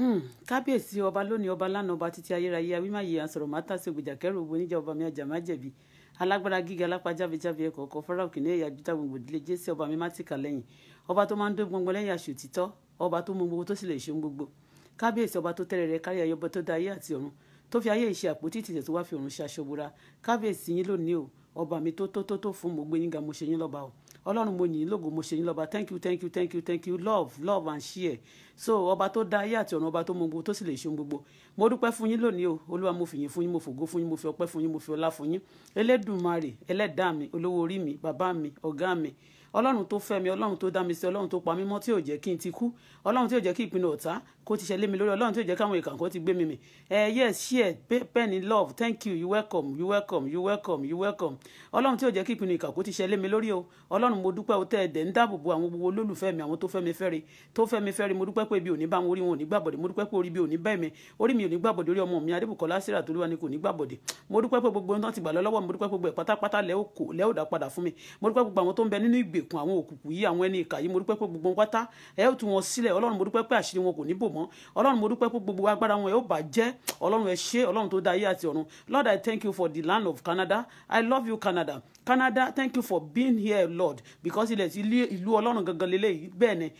Hmm, kábíyèsí ọba lónìí ọba lánàá ọba títí ayérayé awímáyé àsọ̀rọ̀ máta sí ògbèjà kẹrù ògbó níjà ọba mi àjà má jẹ̀bi alágbára gíga alápá jábẹjábẹ ẹkọ ọkọ fọlá òkè ní ẹyà jútà gbogbo ìdílé jésì ọba mi mátìkà lẹ́yìn ọba tó máa ń dó gbọngbọn lẹ́yìn àṣù títọ́ ọba tó mú gbogbo tó sì lè ṣe gbogbo kábíyèsí ọba tó tẹrẹ rẹ kárí ayọbọ tó da ayé àti ọ̀run tó fi ayé ìṣe àpótí ìtìtẹ tó wá fi ọ̀run ṣe aṣọbora kábíyèsí yín lónìí o ọba mi tó tó tó tó fún mo gbé yín ga mo ṣe yín lọ́ba o ọlọ́run mo yìn lógo mo ṣe yín lọ́ba thank you thank you thank you thank you love love and share so ọba tó dá ayé àti ọ̀run ọba tó mọ gbogbo tó sì lè ṣe gbogbo mo dúpẹ́ fún yín lónìí o olúwa mo fìyìn fún yín mo fògo fún yín mo fi ọpẹ́ fún yín mo fi ọlá fún yín elédùnmarè ẹlẹ́dàá mi olówó orí mi bàbá mi ọ̀gá mi ọlọ́run tó fẹ́ mi ọlọ́run tó dá mi sí ọlọ́run tó pa mí mọ́ tí ò jẹ́ kí n ti kú ọlọ́run tí ò jẹ́ kí ìpinnu ọ̀tá kó ti ṣẹlẹ̀ mi lórí ọlọ́run tí ò jẹ́ káwọn ìkà kó ti gbé mi mì ẹ yes share penny love thank you you welcome you welcome you welcome you welcome ọlọ́run tí ò jẹ́ kí ìpinnu ìkà ti ṣẹlẹ̀ mi lórí o ọlọ́run mo dúpẹ́ o tẹ́ ẹ dẹ̀ ń dáàbò bo àwọn gbogbo olólùfẹ́ mi àwọn tó fẹ́ mi fẹ́re tó fẹ́ mi fẹ́re mo dúpẹ́ pé ibi ò ní bá wọn orí wọn ò ní gbàbọ̀dé mo dúpẹ́ pé orí ibi ò bá mi orí mi ò ní gbàbọ̀dé orí ọmọ mi adébùkọ́lá síra tó lúwa ni kò ní gbàbọ̀dé mo dúpẹ́ pé gbogbo ohun ti gbà lọ́wọ́ mi mo dúpẹ́ pé gbogbo ẹ̀ pátápátá lẹ́ ìgbèkùn àwọn òkùnkùn yìí àwọn ẹni ìkà yìí mo dúpẹ́ pé gbogbo wọn pátá ẹ ó tú wọn sílẹ̀ ọlọ́run mo dúpẹ́ pé àṣírí wọn kò ní bò mọ́ ọlọ́run mo dúpẹ́ pé gbogbo agbára wọn ẹ ó bàjẹ́ ọlọ́run ẹ ṣé ọlọ́run tó dá ayé àti ọ̀run Lord I thank you for the land of Canada I love you Canada Canada thank you for being here Lord because ilẹ̀ ti ìlú ọlọ́run gangan lélẹ̀ bẹ́ẹ̀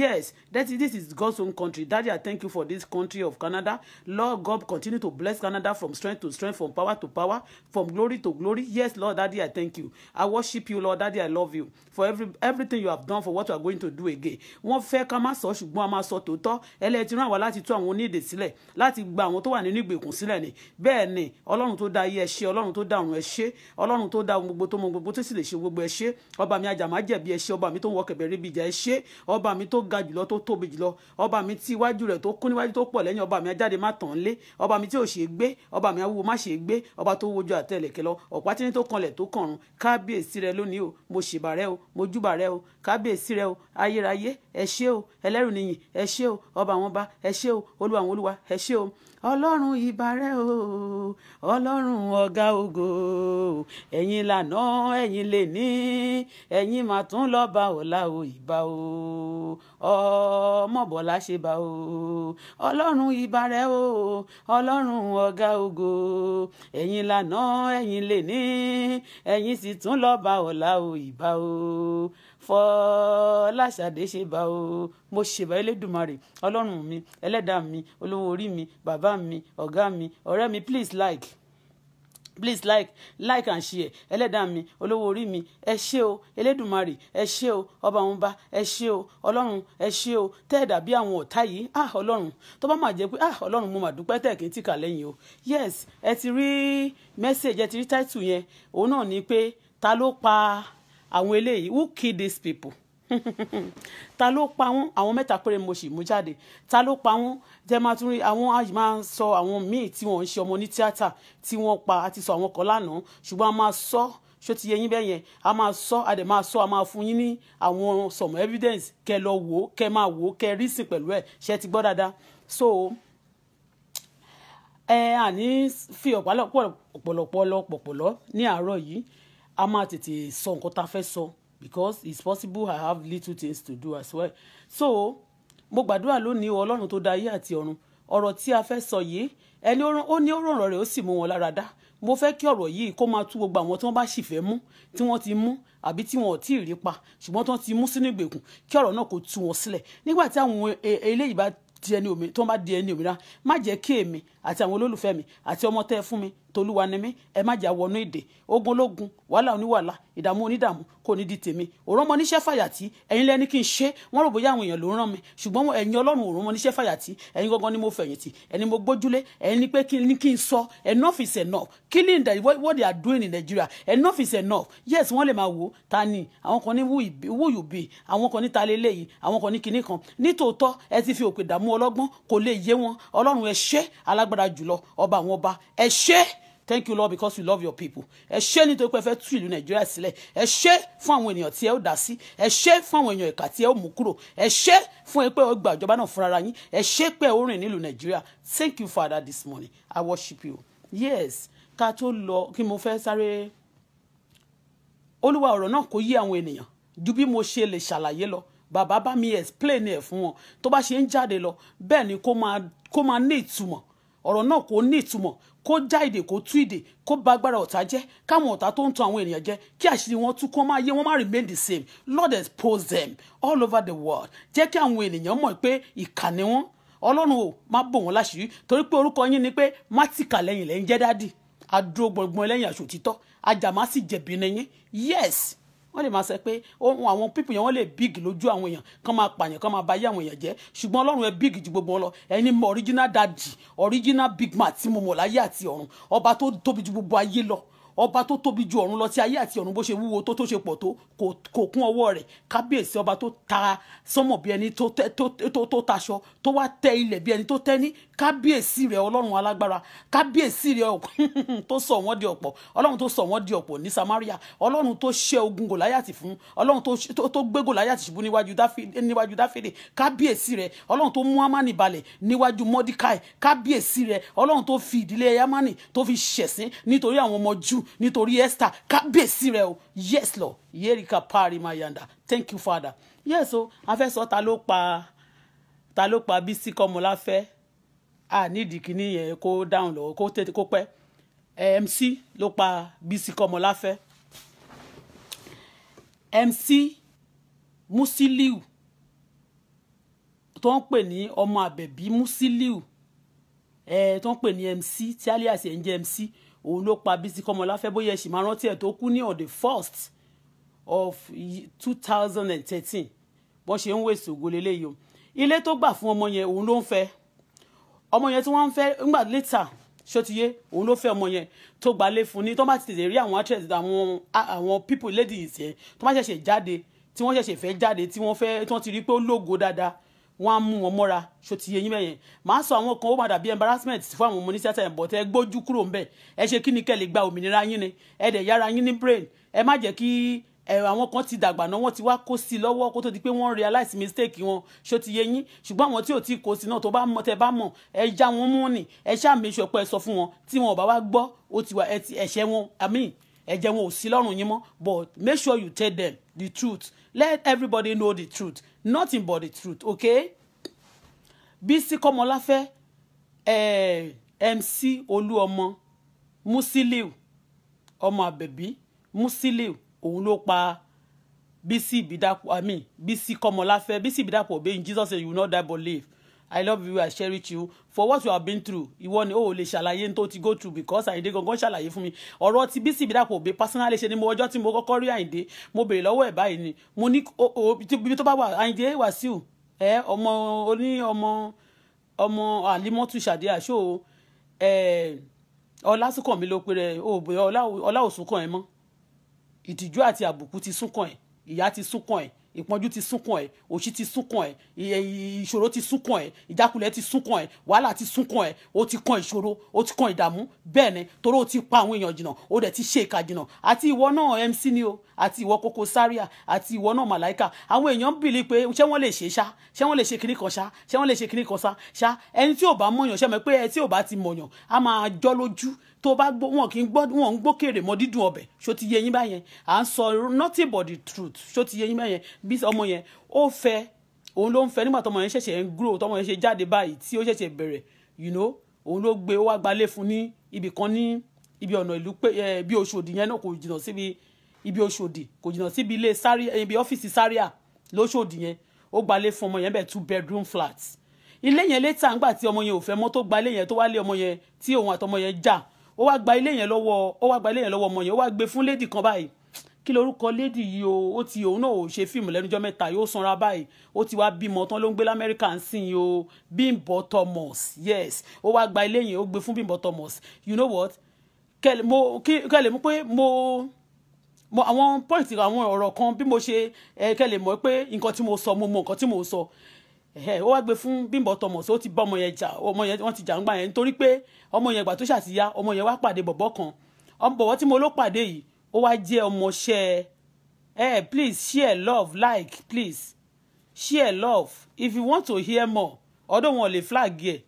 yes that this is God's own country Daddy I thank you for this country of Canada Lord God continue to bless Canada from strength to strength from power to power from glory to glory yes Lord Daddy I thank you I worship you Lord Daddy I love you for every everything you have done for what you are going to do again wọ́n fẹ́ ká má sọ ṣùgbọ́n a máa sọ tòótọ́ ẹlẹ́ẹ̀tì rán àwa láti tú àwọn onídè sílẹ̀ láti gba àwọn tó wà nínú ìgbèkùn sílẹ̀ ni bẹ́ẹ̀ ni ọlọ́run tó dá ayé ẹ ṣé ọlọ́run tó dá ọ̀run ẹ ṣé ọlọ́run tó dá gbogbo tó mọ gbogbo tó sì lè ṣe gbogbo ẹ ṣé ọba mi ajàmá jẹ̀bi ẹ ṣé ọba mi tó ń wọ kẹ̀bẹ̀ ríbi ìjà ẹ ṣé ọba mi tó ga jùlọ tó tóbi jùlọ ọba mi tí iwájú rẹ̀ tó kún níwájú tó pọ̀ lẹ́yìn ọba mi ajáde má tàn lé ọba mi tí ò ṣe gbé ọba mi awúwo má ṣe gbé ọba tó wojú àtẹlẹ̀kẹ́ lọ ọ̀pá tí ní tó kanlẹ̀ tó kànrun kábíyèsí rẹ lónìí o mo ṣèbà o mo júbà rẹ o kábíyèsí rẹ o ayérayé ẹ ṣé o ẹlẹ́rù nìyìn ẹ ṣé o ọba àwọn ọba ẹ ṣé o olúwa àwọn olúwa ẹ ṣé o ọlọ́run ìbàrẹ̀ o ọlọ́run ọ̀gá ògo ẹ̀yin lànà ẹ̀yin lè ní ẹ̀yin mà tún lọ bá ọ̀la o ìbà o ọmọbọ̀lá ṣe bá o ọlọ́run ìbàrẹ̀ o ọlọ́run ọ̀gá ògo ẹ̀yin lànà ẹ̀yin lè ní ẹ̀yin sì tún lọ bá ọ̀la o ìbà o. Fọláṣadé ṣe bá o mo ṣèbá Elédùmarè ọlọ́run mi ẹlẹ́dàá mi olówó orí mi bàbá mi ọ̀gá mi ọ̀rẹ́ mi please like please like like and share ẹlẹ́dàá mi olówó orí mi ẹ ṣé o elédùnmarè ẹ ṣé o ọba àwọn ọba ẹ ṣé o ọlọ́run ẹ ṣé o tẹ́ẹ̀dà bí àwọn ọ̀tá yìí ah ọlọ́run tó bá máa jẹ́ pé ah ọlọ́run mo mà dúpẹ́ tẹ̀kí tì kà lẹ́yìn o yes ẹ ti rí message ẹ ti rí title yẹn òun náà ni pé ta ló pa àwọn eléyìí who kill these people ta ló pa wọn àwọn mẹ́ta péré mo sì mú jáde ta ló pa wọn jẹ́ máa tún rí àwọn àyè máa ń sọ àwọn míì tí wọ́n ń ṣe ọmọ ní tíátà tí wọ́n pa àti sọ àwọn kan lánàá ṣùgbọ́n a máa sọ ṣó ti yẹ yín bẹ́ẹ̀ yẹn a máa sọ a dẹ̀ máa sọ a máa fún yín ní àwọn some evidence kẹ lọ wò ó kẹ máa wò ó kẹ rí sìn pẹ̀lú ẹ̀ ṣe ti gbọ́ dáadáa so ẹ àní fi ọ̀pọ̀lọpọ̀ ọ̀pọ̀lọpọ̀ ní àárọ̀ yìí a máa tètè sọ nǹkan tá a fẹ́ sọ because it's possible I have little things to do as well so mo gbàdúrà lónìí ọlọ́run tó dá ayé àti ọ̀run ọ̀rọ̀ tí a fẹ́ sọ yìí ẹni ó ní ó rọ̀rọ̀ rẹ̀ ó sì mú wọn lára dá mo fẹ́ kí ọ̀rọ̀ yìí kó máa tú gbogbo àwọn tí wọ́n bá sì fẹ́ mú tí wọ́n ti mú àbí tí wọ́n ò tí ì rí pa ṣùgbọ́n tí wọ́n ti mú sínú ìgbèkùn kí ọ̀rọ̀ náà kó tú wọn sílẹ̀ nígbà tí àwọn e, e, eléyìí bá di ẹni òmìnira tó ń bá di ẹni òmìnira má jẹ́ kí èmi àti àwọn olólùfẹ́ mi àti ọmọ tẹ́ ẹ fún mi tolúwa ni mí ẹ má jà wọnú èdè ogun ológun wàhálà oníwàhálà ìdààmú onídààmú kò ní di tèmi òró mọ níṣẹ́ fàyàtì ẹ̀yin lẹ́ni kí n ṣe wọ́n rò bóyá àwọn èèyàn ló ń rán mi ṣùgbọ́n ẹ̀yin ọlọ́run òró mọ níṣẹ́ fàyàtì ẹ̀yin gangan ni mo fẹ̀yìntì ẹni mo gbójúlé ẹ̀yin ni pé kí n sọ enough is enough killing the what they are doing in Nigeria enough is enough yes wọ́n lè máa wò ta ni àwọn kan ní who you be àwọn kan ní ta lélẹ́yìí àwọn kan ní kinní kan nítòótọ́ ẹ ti fi òpè dààmú ọlọ́gbọ́n kò lè yé wọn ọlọ́run ẹ ṣe alag alágbára jùlọ ọba àwọn ọba ẹ ṣé thank you lord because you love your people ẹ ṣé nítorí pé ẹ fẹ́ tú ìlú nàìjíríà sílẹ̀ ẹ ṣé fún àwọn ènìyàn tí ẹ ó dá sí ẹ ṣé fún àwọn èèyàn ìkà tí ẹ ó mú kúrò ẹ ṣé fún ẹ pé ó gba ìjọba náà fúnra yín ẹ ṣé pé ó rìn nílùú nàìjíríà thank you father this morning i worship you yes ká tó lọ kí mo fẹ́ sáré olúwa ọ̀rọ̀ náà kò yé àwọn ènìyàn ju bí mo ṣe lè ṣàlàyé lọ bàbá bá mi explain ẹ̀ fún wọn tó bá ṣe ń jáde lọ bẹ́ẹ̀ ni kó máa ní ìtumọ̀ ọ̀rọ̀ náà kò ní ìtumọ̀ kó já ìdè kó tú ìdè kó ba agbára ọ̀tá jẹ́ káwọn ọ̀tá tó ń tan àwọn ènìyàn jẹ́ kí àṣírí wọn tú kó máa yé wọn má remain the same Lord expose them all over the world jẹ́ kí àwọn ènìyàn mọ̀ pé ìkà ni wọ́n ọlọ́run ò má bò wọ́n láṣìírí torí pé orúkọ yín ni pé má ti kà lẹ́yìn lẹ́yìn jẹ́ dádì adúró gbọ̀ngbọ̀n lẹ́yìn àṣòtítọ́ ajàmá sì jẹ̀bi yes wọ́n lè máa sọ pé ohun àwọn pípù yẹn wọ́n lè big lójú àwọn èèyàn kán máa pààyàn kán máa bayé àwọn èèyàn jẹ́ ṣùgbọ́n ọlọ́run ẹ big ju gbogbo wọn lọ ẹni mọ original dadi. original big man tí mo mọ̀ láyé àti ọ̀run ọba tó tóbi ju gbogbo ayé lọ ọba tó tóbi ju ọ̀run lọ sí ayé àti ọ̀run bó ṣe wúwo tó tó ṣe pọ̀ tó kò kún ọwọ́ rẹ̀ kábíyèsí ọba tó ta sánmọ̀ bí ẹni tó taṣọ tó wá tẹ ilẹ̀ bí ẹni tó tẹ́ ní kábíyèsí rẹ̀ ọlọ́run alágbára kábíyèsí rẹ̀ tó sọ wọ́n di ọ̀pọ̀ ọlọ́run tó sọ wọ́n di ọ̀pọ̀ ní Samaria ọlọ́run tó ṣẹ́ ogun gòláyàtì fún ọlọ́run tó gbé gòláyàtì ṣubú níwájú dáfídè kábíyèsí rẹ̀ ọlọ́run tó mú ámánì balẹ̀ níwájú mọ́díkàì kábíyèsí jésù nítorí esther kábíyèsí rẹ o yes lord yerika parimayanda thank you father yes o afẹ́sọ ta ló pa ta ló pa bísí kọ́mọláfẹ́ a nídìí kíní yẹn kó dáhùn lọ́wọ́ kó tètè kó pẹ́ mc ló pa bísí kọ́mọláfẹ́ mc musiliu tó ń pè ní ọmọ àbẹ̀bí musiliu ẹ̀ tó ń pè ní mc tí alias ẹ̀ ń jẹ́ mc òun ló pa Bísí Kọ́mọláfẹ́ bóyá ẹ̀sìn máa rántí ẹ̀ tó kú ní on the first of two thousand and thirteen bọ́n ṣe ń wèsì ògo lélẹ́yìí o ilé tó gbà fún ọmọ yẹn òun ló ń fẹ́ ọmọ yẹn tí wọ́n ń fẹ́ ńgbà later ṣótiyé òun ló fẹ́ ọmọ yẹn tó gbalé fún ni tó bá ti tètè rí àwọn actress àwọn àwọn people ladies yẹn tó bá ṣẹ̀ṣẹ̀ jáde tí wọ́n ṣẹ̀ṣẹ̀ fẹ́ jáde tí wọ́n fẹ́ tí wọ́n ti rí pé ó lógo dáadáa wọ́n á mú wọn mọ́ra ṣó ti yé yín bẹ́yẹn màá sọ àwọn kan ó máa dàbí embarrassment fún àwọn ọmọ oníṣẹ́ tẹ̀ bọ̀tẹ́ gbójú kúrò ńbẹ̀ ẹ ṣe kí ni kẹ́ lè gba òmìnira yín ni ẹ dẹ̀ yára yín ní brain ẹ má jẹ́ kí àwọn kan ti dàgbà náà wọ́n ti wá kó sí i lọ́wọ́ kó tó di pé wọ́n realize mistake wọn ṣó ti yé yín ṣùgbọ́n àwọn tí ò tí kó sí náà tó bá mọ̀ tẹ́ bá mọ̀ ẹ já wọn mú nì ẹ ṣàmìṣọ pé ẹ sọ fún wọn tí wọn ò bá wá gbọ́ ó ti wà ẹ̀ṣẹ̀ wọn i mean ẹ̀jẹ̀ wọn ò sí lọ́rùn yín mọ́ but make sure you tell them the truth let everybody know the truth nothing but the truth okay Bísí Kọ́mọláfẹ́ eh, MC Olúọmọ Musiliu ọmọ àbẹ̀bí Musiliu òun ló pa Bísí Ìbídàpọ̀ I mean Bísí Kọ́mọláfẹ́ Bísí Ìbídàpọ̀ obeying Jesus say you will not die but live i love you i cherish you for what you have been through ìwọ ni o ò lè ṣàlàyé tó ti go through because àyíndé gangan ṣàlàyé fún mi ọ̀rọ̀ ti bísí ìbídàpọ̀ òbí personally ṣe ni mo ọjọ́ tí mo kọ́kọ́ rí àyíndé mo béèrè lọ́wọ́ ẹ̀ báyìí ni mo ní ibi tó bá wà àyíndé wàsíù ẹ ọmọ oní ọmọ ọmọ àlímọ́tù ṣàdé àṣọ ọlá súnkàn mi ló pe rẹ ọlá òsùnkàn ẹ mọ́ ìtìjú àti àbùkù ti súnkàn ẹ ìyá ti súnkàn ẹ ìpọ́njú ti súnkàn ẹ̀ òṣì ti súnkàn ẹ̀ ìṣòro ti súnkàn ẹ̀ ìjákulẹ̀ ti súnkàn ẹ̀ wàhálà ti súnkàn ẹ̀ ó ti kan ìṣòro ó ti kan ìdààmú bẹ́ẹ̀ ni torí ó ti pa àwọn èèyàn jìnnà ó dẹ̀ ti ṣe ìka jìnnà àti ìwọ náà MC ni o àti ìwọ Koko Zaria àti ìwọ náà màláìka àwọn èèyàn ń bìlí pé ṣé wọ́n lè ṣe ṣá ṣé wọ́n lè ṣe kinní kan ṣá ṣé wọ́n lè ṣe kinní kan ṣá ṣá ẹni tí ò bá mọ̀yàn ṣe mọ̀ pé ẹ tí ò bá ti mọ̀yàn á máa jọ́ lójú tó bá gbọ́ wọn kì í gbọ́ wọn ń gbókèrè mọ dídùn ọbẹ̀ ṣó ti yé yín báyẹn à ń sọ nothing but the truth ṣó ti yé yín báyẹn bí ọmọ yẹn ó fẹ́ òun ló ń fẹ́ nígbà tọmọ yẹn ṣẹ̀ṣẹ̀ ń grow tọmọ yẹn ṣe jáde báyìí tí ó ṣẹ̀ṣẹ̀ bẹ̀rẹ̀ you know òun ló gbé wá gbalé fún ní ibì kan ní ibi ọ̀nà ìlú pé bí Òṣòdì yẹn náà kò jìnnà síbi ibi Òṣòdì kò jìnnà síbi ilé sáríà ibi ọ́fíìsì sáríà lóṣòdì yẹn ó gbalé fún ọmọ yẹn bẹ́ẹ̀ two bedroom flat ilé yẹn létà ńgbà tí ọmọ yẹn ò fẹ́ mọ́ tó gba ilé yẹn tó wá lé ọmọ yẹn tí òun àtọmọ yẹn jà ó wá gba ilé yẹn lọ́wọ́ ó wá gba ilé yẹn lọ́wọ́ ọmọ yẹn ó wá gbé fún lady kan báyìí kí lorúkọ lady yìí o ó ti òun náà ò ṣe fíìmù lẹ́nujọ́ mẹ́ta yóò sanra báyìí ó ti wá bímọ tán ló ń gbé lamẹ́ríkà ń sìn yìí o Bímbọ́ Thomas yes ó wá gba ilé yẹn ó gbé fún Bímbọ́ Thomas you know what kẹlẹ mo kẹlẹ mo pé mo mo àwọn point àwọn ọ̀rọ̀ kan bí mo ṣe ẹ̀kẹ́ lè mọ̀ pé nǹkan tí mo sọ mo mọ nǹkan tí mo sọ ó wá gbé fún Bímbọ́ Thomas ó ti bá ọmọ yẹn jà ọmọ yẹn wọ́n ti jà ń gbà yẹn nítorí pé ọmọ yẹn ìgbà tó ṣàtìyá ọmọ yẹn wá pàdé bọ̀bọ́ kan ọmọ tí mo ló pàdé yìí ó wá jẹ́ ọmọọṣẹ́ ẹ please share love like please share love if you want to hear more ọdọ wọn lè flag yẹ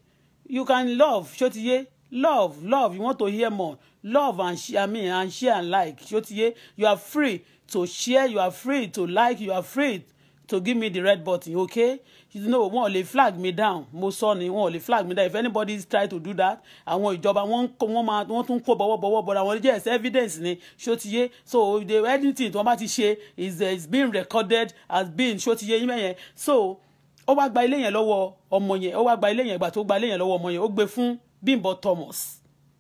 you can love ṣó ti yé love love you want to hear more love and share me, and share and like ṣótiyé you are free to share you are free to like you are free to give me the red button okay you know wọn ò lè flag me down mo sọ ni wọn ò lè flag me down if anybody is try to do that àwọn ìjọba wọn wọn máa wọn tún kó bọwọbọwọ bọra wọn jẹ ẹsẹ evidence ni ṣótiyé so the anything tí wọn bá ti ṣe is uh, is being recorded as being ṣótiyé yín mẹyẹn so ó wá gba ilé yẹn lọ́wọ́ ọmọ yẹn ó wá gba ilé yẹn ìgbà tó gba ilé yẹn lọ́wọ́ ọmọ yẹn ó gbé fún Bímbọ́ Thomas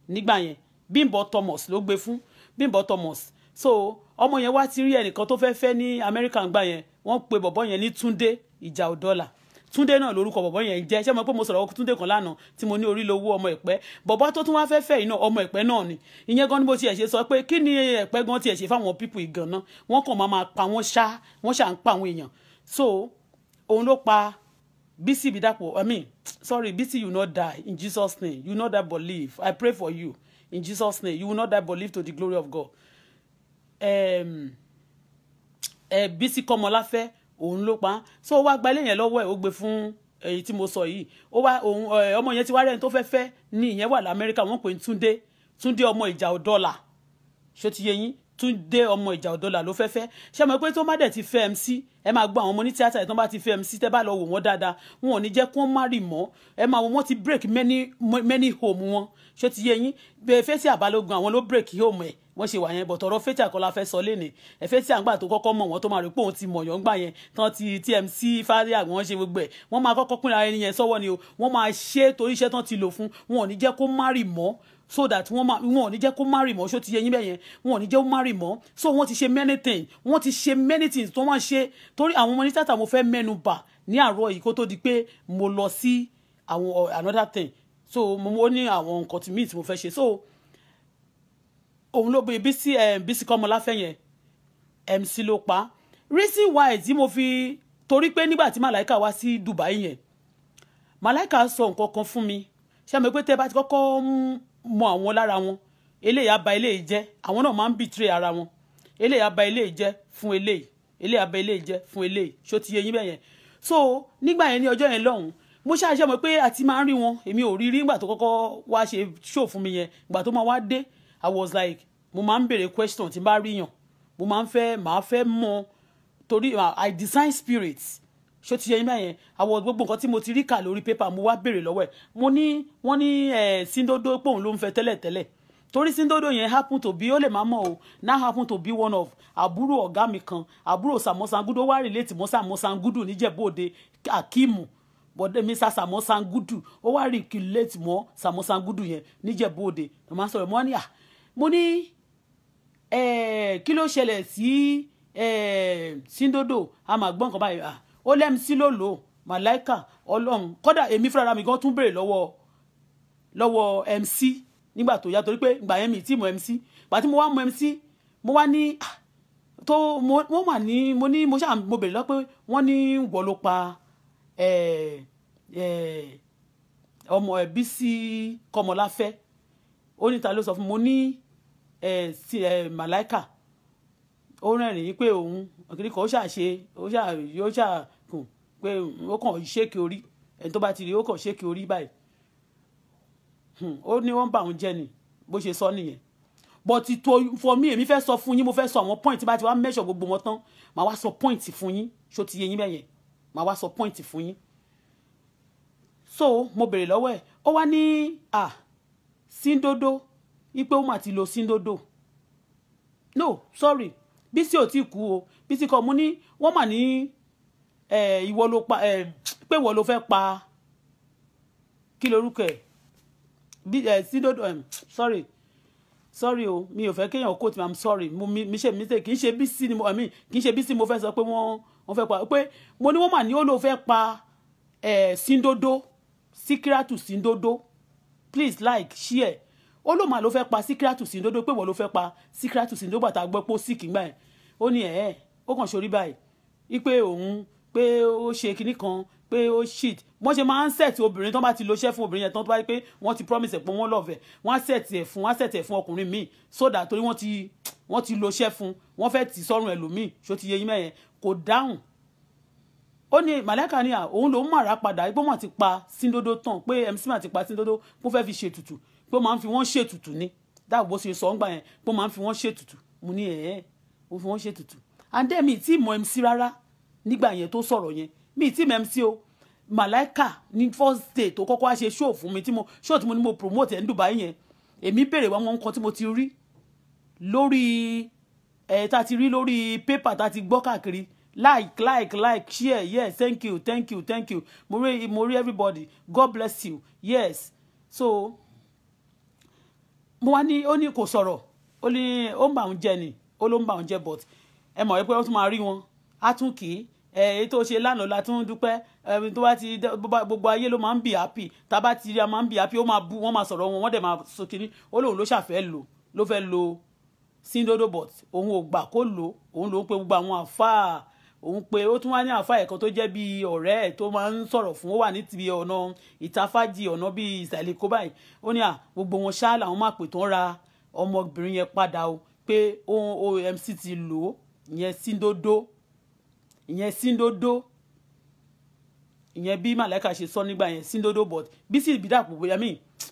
nígbà yẹn Bimbo Thomas ló gbé fún Bímbọ́ Thomas so ọmọ yẹn wá ti rí ẹnìkan tó fẹ́ẹ́ fẹ́ ní Amẹ́ríkà ń gbà yẹn wọ́n pe bọ̀bọ́ yẹn ní Túndé ìjà òdọ́là Túndé náà lórúkọ bọ̀bọ́ yẹn jẹ́ ṣé mo pé mo sọ̀rọ̀ Túndé kan lánàá tí mo ní orí lowó ọmọ ẹ̀pẹ́ bọ̀bọ́ tó tún wá fẹ́ fẹ́ iná ọmọ ẹ̀pẹ́ náà ni ìyẹn gan ni mo tiẹ̀ ṣe sọ pé kí ni ẹ̀pẹ́ gan tiẹ̀ ṣe fáwọn pípù ìgàn náà wọ́n kàn máa máa pa wọ́n ṣá wọ́n ṣà ń pa àwọn èèyàn so òun ló pa Bisi Bidapo I mean sorry Bisi you no die in Jesus name you no die but I pray for you in Jesus' name. You will not die but live to the glory of God. Um, uh, Bisi Komolafe, òun ló pa. So ó wá gba ilé yẹn lọ́wọ́ ẹ̀ ó gbé fún èyí tí mo sọ yìí. Ó wá òun ọmọ yẹn ti wá rẹ́ni tó fẹ́ fẹ́ ní ìyẹn wà l'Amẹ́ríkà wọ́n pè ní Túndé. Túndé ọmọ ìjà ọ̀dọ́là. Ṣé ti yé yín? Túndé ọmọ ìjà ọ̀dọ́là ló fẹ́ fẹ́ ṣé mo pé tó má dẹ̀ ti fẹ́ MC ẹ máa gbọ́ àwọn ọmọ ní tíátà ẹ̀ tó bá ti fẹ́ MC tẹ́ bá lọ wò wọ́n dáadáa wọn ò ní jẹ́ kí wọ́n má rì mọ́ ẹ máa wò wọ́n ti break many many home wọn ṣé ti yé yín bẹ́ẹ̀ fẹ́ sí àbálógun àwọn ló break home ẹ̀ wọ́n ṣe wà yẹn bọ̀ tọ̀rọ̀ fẹ́tì àkọlà fẹ́ sọ lẹ́nì ẹ̀fẹ́ tí à ń gbà tó kọ́kọ́ mọ̀ wọ́n tó máa rí pé òun ti mọ̀yàn gbà yẹn tán ti TMC fáríà wọ́n ṣe gbogbo ẹ̀ wọ́n máa kọ́kọ́ pínra ẹni yẹn sọ́wọ́ ni o wọ́n máa ṣe torí iṣẹ́ tán ti lò fún wọn ò ní jẹ́ kó má rì mọ́ so that wọ́n máa wọn ò ní jẹ́ kó má rì mọ́ ṣó ti yẹ yín bẹ́ẹ̀ yẹn wọn ò ní jẹ́ kó má rì mọ́ so wọ́n ti ṣe many things wọ́n ti ṣe many things tó máa ṣe torí àwọn ọmọ ní tàtà mo fẹ́ mẹ́nu bà ní àárọ̀ yìí kó tó di pé mo lọ sí àwọn oh, another thing so mo mo ní àwọn nǹkan tí míì tí mo fẹ́ ṣe so òun ló bí bísí eh, bísí kọ́mọláfẹ́ yẹn MC ló pa reason why tí mo fi torí pé nígbà tí màláìka wá sí Dubai yẹn màláìka sọ nǹkan kan fún mi ṣé àmì pé tẹ́ bá ti kọ́kọ́ mọ àwọn lára wọn eléyìí ba eléyìí jẹ́ àwọn náà máa ń bìtìrè ara wọn eléyìí ba eléyìí jẹ́ fún eléyìí eléyìí ba eléyìí jẹ́ fún eléyìí ṣó ti yé yín so nígbà yẹn ní ọjọ́ yẹn lọ́hùn-ún mo ṣàṣẹ mọ̀ pé àti máa ń rí wọn èmi ò rí rí nígbà tó kọ́kọ́ wá ṣe show fún mi yẹn ìgbà tó máa wá dé i was like mo máa ń béèrè question tí n bá ríyàn mo máa ń fẹ́ màá fẹ́ mọ̀ torí i design spirits ṣó ti yẹ yín mẹ́yẹn àwọn gbogbo nǹkan tí mo ti rí kà lórí pépà mo wá béèrè lọ́wọ́ ẹ̀ mo ní wọ́n ní síndodo pòun ló ń fẹ́ tẹ́lẹ̀tẹ́lẹ̀ torí síndodo yẹn happen to be ó lè má mọ̀ o now happen to be one of àbúrò ọ̀gá mi kan àbúrò sàmọ́sangudu ó wá relate mọ́ sàmọ́sangudu níjẹ̀bọ́dẹ akíìmù bọ́dẹ̀ eh, mr sàmọ́ sangudu ó wá rí relate mọ́ sàmọ́ sangudu yẹn níjẹ̀bọ́dẹ mo máa sọ̀rọ̀ mọ́ ni à mo ní eh, kí ló ṣẹlẹ̀ sí eh, síndodo a máa gbọ́ nǹkan ó lẹ́mi sí lòlò màláìkà ọlọ́run kódà èmi fúnra mi gan tún béèrè lọ́wọ́ lọ́wọ́ MC nígbà tó yá torí pé ìgbà yẹn mi tí mo MC pàtí mo wá mo MC mo wá ní ah, tó mo mà ní mo ní mo ṣáà mo béèrè lọ pé wọ́n ní wọ́ ló pa ọmọ ẹ̀ Bísí Kọ́mọláfẹ́ ó ní ta ló sọ fún mo ní màláìkà ó rẹ́rìn-ín pé òun òkìrí ó ṣàṣe ó ṣà pé ó kàn ṣéèkì orí ẹni tó bá ti rí ó kàn ṣéèkì orí báyìí hmm, ó ní wọ́n ń bà òun jẹ́ ni bó ṣe sọ nìyẹn but it for me èmi fẹ́ sọ fún yín mo fẹ́ sọ àwọn point bá ti wá measure gbogbo wọn tán màá wá sọ point fún yín ṣó ti yé yín bẹ́yẹn màá wá sọ point fún yín so mo bèrè lọ́wọ́ ẹ̀ ó wá ní à síndodo wípé ó mà ti lo síndodo no sorry Bísí ò tí kú o Bísí kọ́ mo ní wọ́n mà ní Eh, ìwọ ló pa eh, pé ìwọ ló fẹ́ pa kí lorúkọ ẹ̀ eh, sídòdò sorry sorry o mi ò fẹ́ kéèyàn kó tìmọ̀ i'm sorry mo mi ṣe mi ṣe kì í ṣe bí sí ni mo àmì kì í ṣe bí sí mo fẹ́ sọ pé wọ́n wọ́n fẹ́ pa pé mo ní wọ́n mà ní ó ló fẹ́ pa síndódó síkírátù síndódó please like share ó ló mà ló fẹ́ pa síkírátù síndódó pé wọ́n ló fẹ́ pa síkírátù síndódó bàtà gbọ́ pé ó sì kìgbà ẹ̀ ó ní ẹ̀ ẹ́ ó kàn ṣorí báyìí wípé òun pé ó ṣe kinní kan pé ó shit wọ́n ṣe máa ń set obìnrin tó bá ti lo iṣẹ́ fún obìnrin yẹn tán tó bá yẹ pé wọ́n ti promise ẹ̀ pé wọ́n love ẹ̀ wọ́n á set ẹ̀ fún wọ́n á set ẹ̀ fún ọkùnrin míì sódà torí wọ́n ti wọ́n ti lo iṣẹ́ fún wọ́n fẹ́ tì sọ́run ẹlòmíì ṣó ti yẹ yín mẹ́yẹn kò dáhùn ó ní màlẹ́kà ni à òun lòún màrà padà ipò mà ti pa síndodo tán pé MC mà ti pa síndodo kó fẹ́ fi ṣètùtù pé ó máa ń fi wọ́n ṣètùtù ni dáàbò bó ṣe sọ ọ́ngbà yẹn pé ó máa ń fi wọ́n ṣètùtù mo ní ẹ̀ẹ́ ó fi wọ́n ṣètùtù and then mi ì tí ì mọ MC rárá nígbà yẹn tó sọ̀rọ̀ yẹn mi tí mẹ́m sí o màláìkà ní first day tó kọ́kọ́ ṣe show fún mi tí mo show tí mo ní mo promote ẹ̀ ń Dubai yẹn èmi béèrè wọn wọn kan tí mo ti rí lórí ẹ̀ tá ti rí lórí paper tá ti gbọ́ káàkiri like like like share yes thank you thank you thank you mo rí mo rí everybody God bless you yes so mo wá ní ó ní kò sọ̀rọ̀ ó ní ó ń bà ń jẹ ni ó ló ń bà ń jẹ but ẹ mọ̀ wípé ó tún máa rí wọn àtúnkì èyí tó ṣe lánàá la tún dúpẹ́ ẹni tó bá ti gbogbo ayé ló máa ń bì happy tá a bá ti rí a máa ń bì happy ó máa bú wọ́n máa sọ̀rọ̀ wọn wọ́n dẹ̀ máa sọ kínní ó lóun ló ṣàfẹ́ lò ló fẹ́ lo síndódò bọ̀t òun ò gbà kó lò òun ló ń pe gbogbo àwọn àfáà òun pé ó tún wá ní àáfà ẹ̀kan tó jẹ́ bíi ọ̀rẹ́ ẹ̀ tó máa ń sọ̀rọ̀ fún ó wà ní ti ọ̀nà ìtafájì ọ̀nà bíi ìsàlẹ̀ kó báyìí ó ní à gbogbo wọn ṣá làwọn máa pè tó ń ra ọmọbìnrin yẹn padà o pé omc ti lò ó ìyẹn síndodo ìyẹn síndodo ìyẹn bí màlẹ́kà ṣe sọ nígbà yẹn síndodo but bísí ìbídàpọ̀ bóyá mi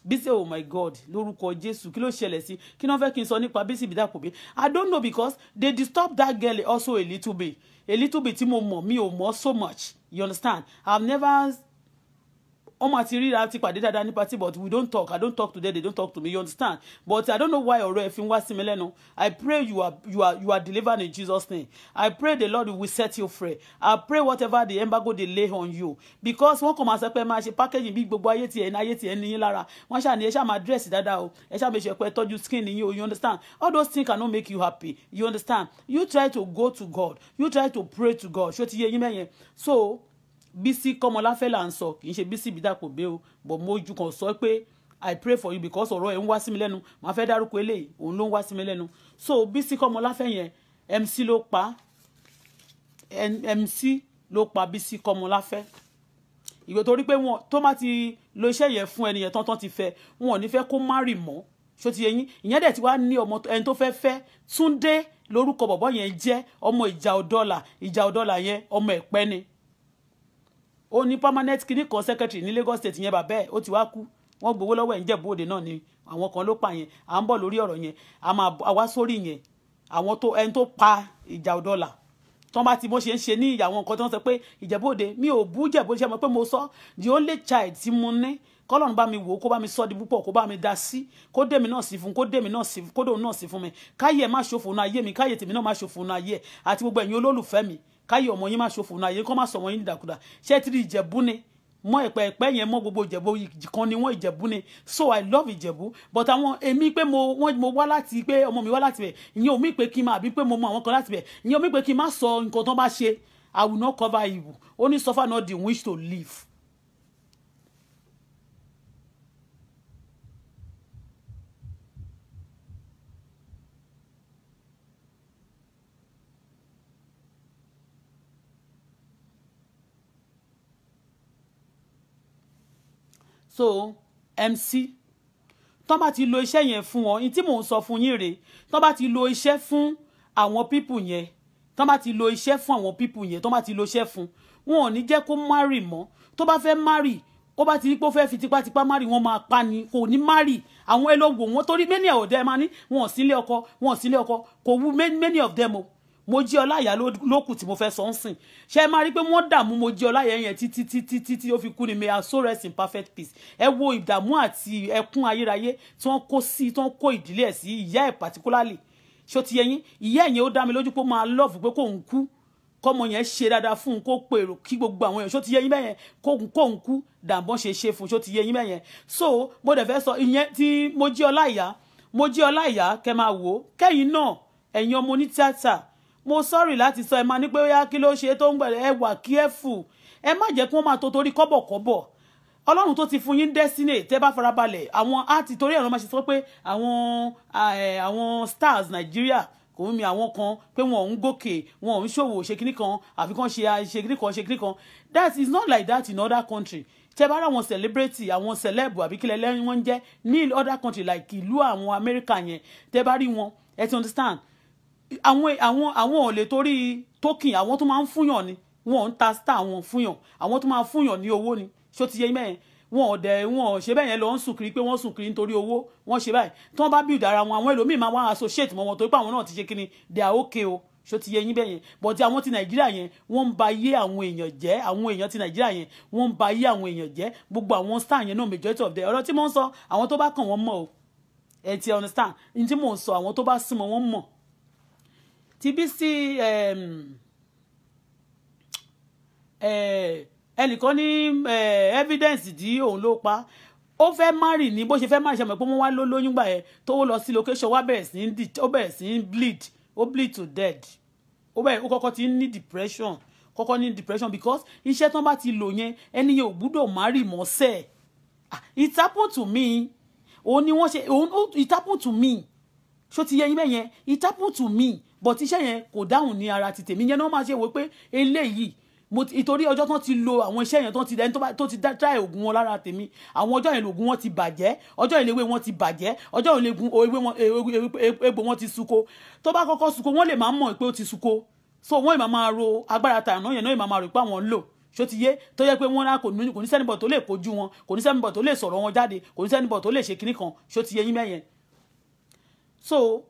bísí oh my god lórúkọ jésù kí ló ṣẹlẹ̀ sí kí náà fẹ́ kí n sọ nípa bísí ìbídàpọ̀ bí i don't know because they disturb that girl also a little bit a little bit tí mo mọ̀ mi ò mọ̀ so much you understand i've never wọ́n máa ti ríra ti pàdé dáadáa ní party but we don't talk i don't talk to them they don't talk to me you understand but i don't know why ọ̀rọ̀ ẹ̀ fi ń wá sí mi lẹ́nu i pray you are you are you are delivered in jesus name i pray the lord will set you free i pray whatever the embargo dey lay on you because wọ́n kàn máa sọ pé máa ṣe packaging bí gbogbo ayé tiẹ̀ ní ayé tiẹ̀ ní yín lára wọ́n ṣàní ẹ ṣáà máa dress dáadáa o ẹ ṣáà make sure pé tọ́jú skin yín o you understand all those things cannot make you happy you understand you try to go to god you try to pray to god ṣó ti yé yín mẹ́yẹn so. Bísí Kọ́mọláfẹ́ là ń sọ kì í ṣe Bísí Bídàpọ̀ bẹ́ o bọ̀ mójú kan sọ pé I pray for you because ọ̀rọ̀ ẹ̀ ń wá sí mi lẹ́nu màá fẹ́ dárúkọ eléyìí òun ló ń wá sí mi lẹ́nu so Bísí Kọ́mọláfẹ́ yẹn MC ló pa MC ló pa Bísí Kọ́mọláfẹ́ ìgbà torí pé wọn tó má ti lo iṣẹ́ yẹn fún ẹnìyẹn tán tán ti fẹ́ wọn ò ní fẹ́ kó má rì mọ́ ṣó ti yẹ ìyẹn dẹ̀ ti wá ní ọmọ ẹni tó fẹ́ fẹ́ Túndé lórúkọ bọ̀bọ́ yẹn jẹ́ ọmọ ìjà ọ̀dọ́là ìjà ọ̀dọ́là yẹn ọmọ ẹ̀pẹ́ ni ó ní permanent kinní kan secretary ní Lagos state yẹn bàbá ẹ̀ ó ti wá kú wọ́n gbowó lọ́wọ́ ẹ̀ ń jẹ̀bú òde náà ni àwọn kan ló pa yẹn à ń bọ̀ lórí ọ̀rọ̀ yẹn a máa wá sórí yẹn àwọn tó ẹni tó pa ìjà ọ̀dọ́là tọ́ bá ti bó ṣe ń ṣe ní ìyàwó nǹkan tó ń sọ pé Ìjẹ̀bú Òde mi ò bú Ìjẹ̀bú ṣe mọ̀ pé mo sọ the only child tí mo ní kọ́lọ́n bá mi wò ó kó bá mi sọ́ di púpọ̀ kó bá mi dá sí kó dèmi náà sí fún kó dèmi náà sí kó dòun náà sí fún mi káyé má ṣòfò náà ayé mi káyé tèmi náà má ṣòfò náà ayé ẹ̀ àti gbogbo ẹ̀yin olólùfẹ́ mi káyé ọmọ yín má ṣòfò náà yín kọ́ má sọ ọmọ yín dàkúdà ṣé ti rí ìjẹ̀bú ni mọ ẹ̀pẹ́ ẹ̀pẹ́ yẹn mọ gbogbo ìjẹ̀bú kan ni wọ́n ìjẹ̀bú ni so i love ìjẹ̀bú but àwọn èmi pé mo wọ́n mo wá láti pé ọmọ mi wá láti bẹ̀ ìyẹn omi pé kí n máa àbí pé mo mọ àwọn kan láti bẹ̀ ìyẹn omi pé kí n má sọ nǹkan tán bá ṣe i will not cover evil only suffer not the wish to live so mc tán bá ti lo iṣẹ́ yẹn fún wọn ní tí mò ń sọ fún yín rèé tán bá ti lo iṣẹ́ fún àwọn pípù yẹn tán bá ti lo iṣẹ́ fún àwọn pípù yẹn tán bá ti lo iṣẹ́ fún wọn ò ní jẹ́ kó márì mọ́ tó bá fẹ́ márì ó bá ti rí pé ó fẹ́ fi tipátipá márì wọn máa pa ni kò ní márì àwọn elógun wọn torí many of them máa ní wọn ò sílé ọkọ wọn ò sílé ọkọ kò wú many of them o. Mojíọlá Ìyá lókù tí mo fẹ́ sọ ń sìn ṣe máa rí pé wọ́n dààmú Mojíọlá Ìyá yẹn títí títí títí ó fi kú ni may her soul rest in perfect peace ẹ wo ìdààmú àti ẹkún ayérayé tí wọ́n kó sí tí wọ́n kó ìdílé ẹ̀ sí ìyá ẹ̀ particularly ṣé ó ti yẹ yín ìyá ẹ̀yẹn ó dá mi lójú pé ó máa love pé kò ń kú kọ́mọ yẹn ṣe dáadáa fún un kó pèrò kí gbogbo àwọn èèyàn ṣó ti yẹ yín bẹ́yẹn kó ń kú dàbọ̀n ṣe ṣe fún un ṣó ti yẹ yín bẹ́yẹn so mo dẹ̀ fẹ́ sọ ìyẹn tí Mojíọlá Ìyá Mojíọlá Ìyá kẹ́ máa wò ó kẹ́yìn náà ẹ̀yin ọmọ oní mo sọ́ọ̀rì láti sọ ẹ máa ní pé ó yá kí ló ṣe tó ń gbẹ̀rẹ̀ ẹ wà careful ẹ má jẹ́ kí wọ́n máa tó torí kọ́bọ̀kọ́bọ̀ ọlọ́run tó ti fún yín destiny tẹ́ bá farabalẹ̀ àwọn á ti torí ẹ̀rọ máa ṣe sọ pé àwọn àwọn stars nàìjíríà kò ń mi àwọn kan pé wọn ò ń gòkè wọn ò ń ṣòwò ṣe kíní kan àfi kan ṣe ṣe kíní kan ṣe kíní kan that is not like that in other country tẹ́ bá ráwọn celebrity àwọn celeb àbí kílẹ̀ lẹ́yìn wọn ń jẹ́ ní other country like ìlú àwọn amẹ́ríkà yẹn tẹ́ bá rí wọn ẹ ti understand àwọn àwọn àwọn ò lè torí token àwọn tó máa ń fúnyàn ni wọn ò ń ta star wọn fúnyàn àwọn tó máa ń fúnyàn ní owó ni ṣó ti yé mẹ́yẹn wọn ò dẹ̀ wọn ò ṣe bẹ́ẹ̀ yẹn lọ ń sùn kiri pé wọ́n sùn kiri nítorí owó wọ́n ṣe báyìí tí wọ́n bá build ara wọn àwọn ẹlòmíì máa wá associate mọ́ wọn torí pé àwọn náà ti ṣe kíni they are okay o ṣó ti yé yín bẹ́ẹ̀ yẹn but ti àwọn ti nàìjíríà yẹn wọ́n ń ba ayé àwọn èèyàn jẹ́ àwọn èèyàn ti nàìjíríà yẹn wọ́n ń ba ayé àwọn èèyàn jẹ́ gbogbo àwọn star yẹn náà majority of them ọ̀rọ̀ tí mò ń sọ àwọn tó bá kàn wọ́n mọ̀ o ẹ ti understand ní tí mò ń sọ àwọn tó bá súnmọ́ wọ́n mọ̀ ti Bísí ẹnìkan ní evidence tí òun ló pa ó fẹ́ márì ní bó ṣe fẹ́ márì ṣàmọ̀ pé wọ́n wá ló lóyún gbà yẹn tó lọ sí location wá bẹ̀rẹ̀ sí ní ó bẹ̀rẹ̀ sí ní bleed ó bleed to dead ó bẹ̀rẹ̀ ó kọ́kọ́ ti ní depression kọ́kọ́ ní depression because iṣẹ́ tán bá ti lò yẹn ẹni yẹn ò gbúdọ̀ márì mọ́ sẹ́ẹ̀ ah, it happened to me òun ni wọ́n ṣe òun it happened to me So ti yẹ yín bẹ́yẹn it happened to me but iṣẹ́ yẹn kò dáhùn ní ara ti tèmi yẹn náà máa ṣe wò pé eléyìí ìtorí ọjọ́ tán ti lo àwọn iṣẹ́ yẹn tó ti dá oògùn wọn lára tèmi àwọn ọjọ́ yẹn lògùn wọn ti bàjẹ́ ọjọ́ yẹn lewé wọn ti bàjẹ́ ọjọ́ yẹn lewé e, e, e, egbò wọn ti suko tó bá kọ́kọ́ suko wọ́n lè máa mọ̀ pé ó ti suko so wọ́n ìmọ̀ máa ro agbára tààná yẹn náà ìmọ̀ máa rò pé àwọn ń lò ṣó ti yé tó yẹ pé wọn náà kò ní sẹ́nibọ̀ tó lè kojú wọn kò ní sẹ́nibọ̀ tó lè sọ̀rọ̀ wọn jáde kò ní sẹ́nibọ̀ tó lè ṣe kinní kan ṣó ti yé yín mẹ́yẹn so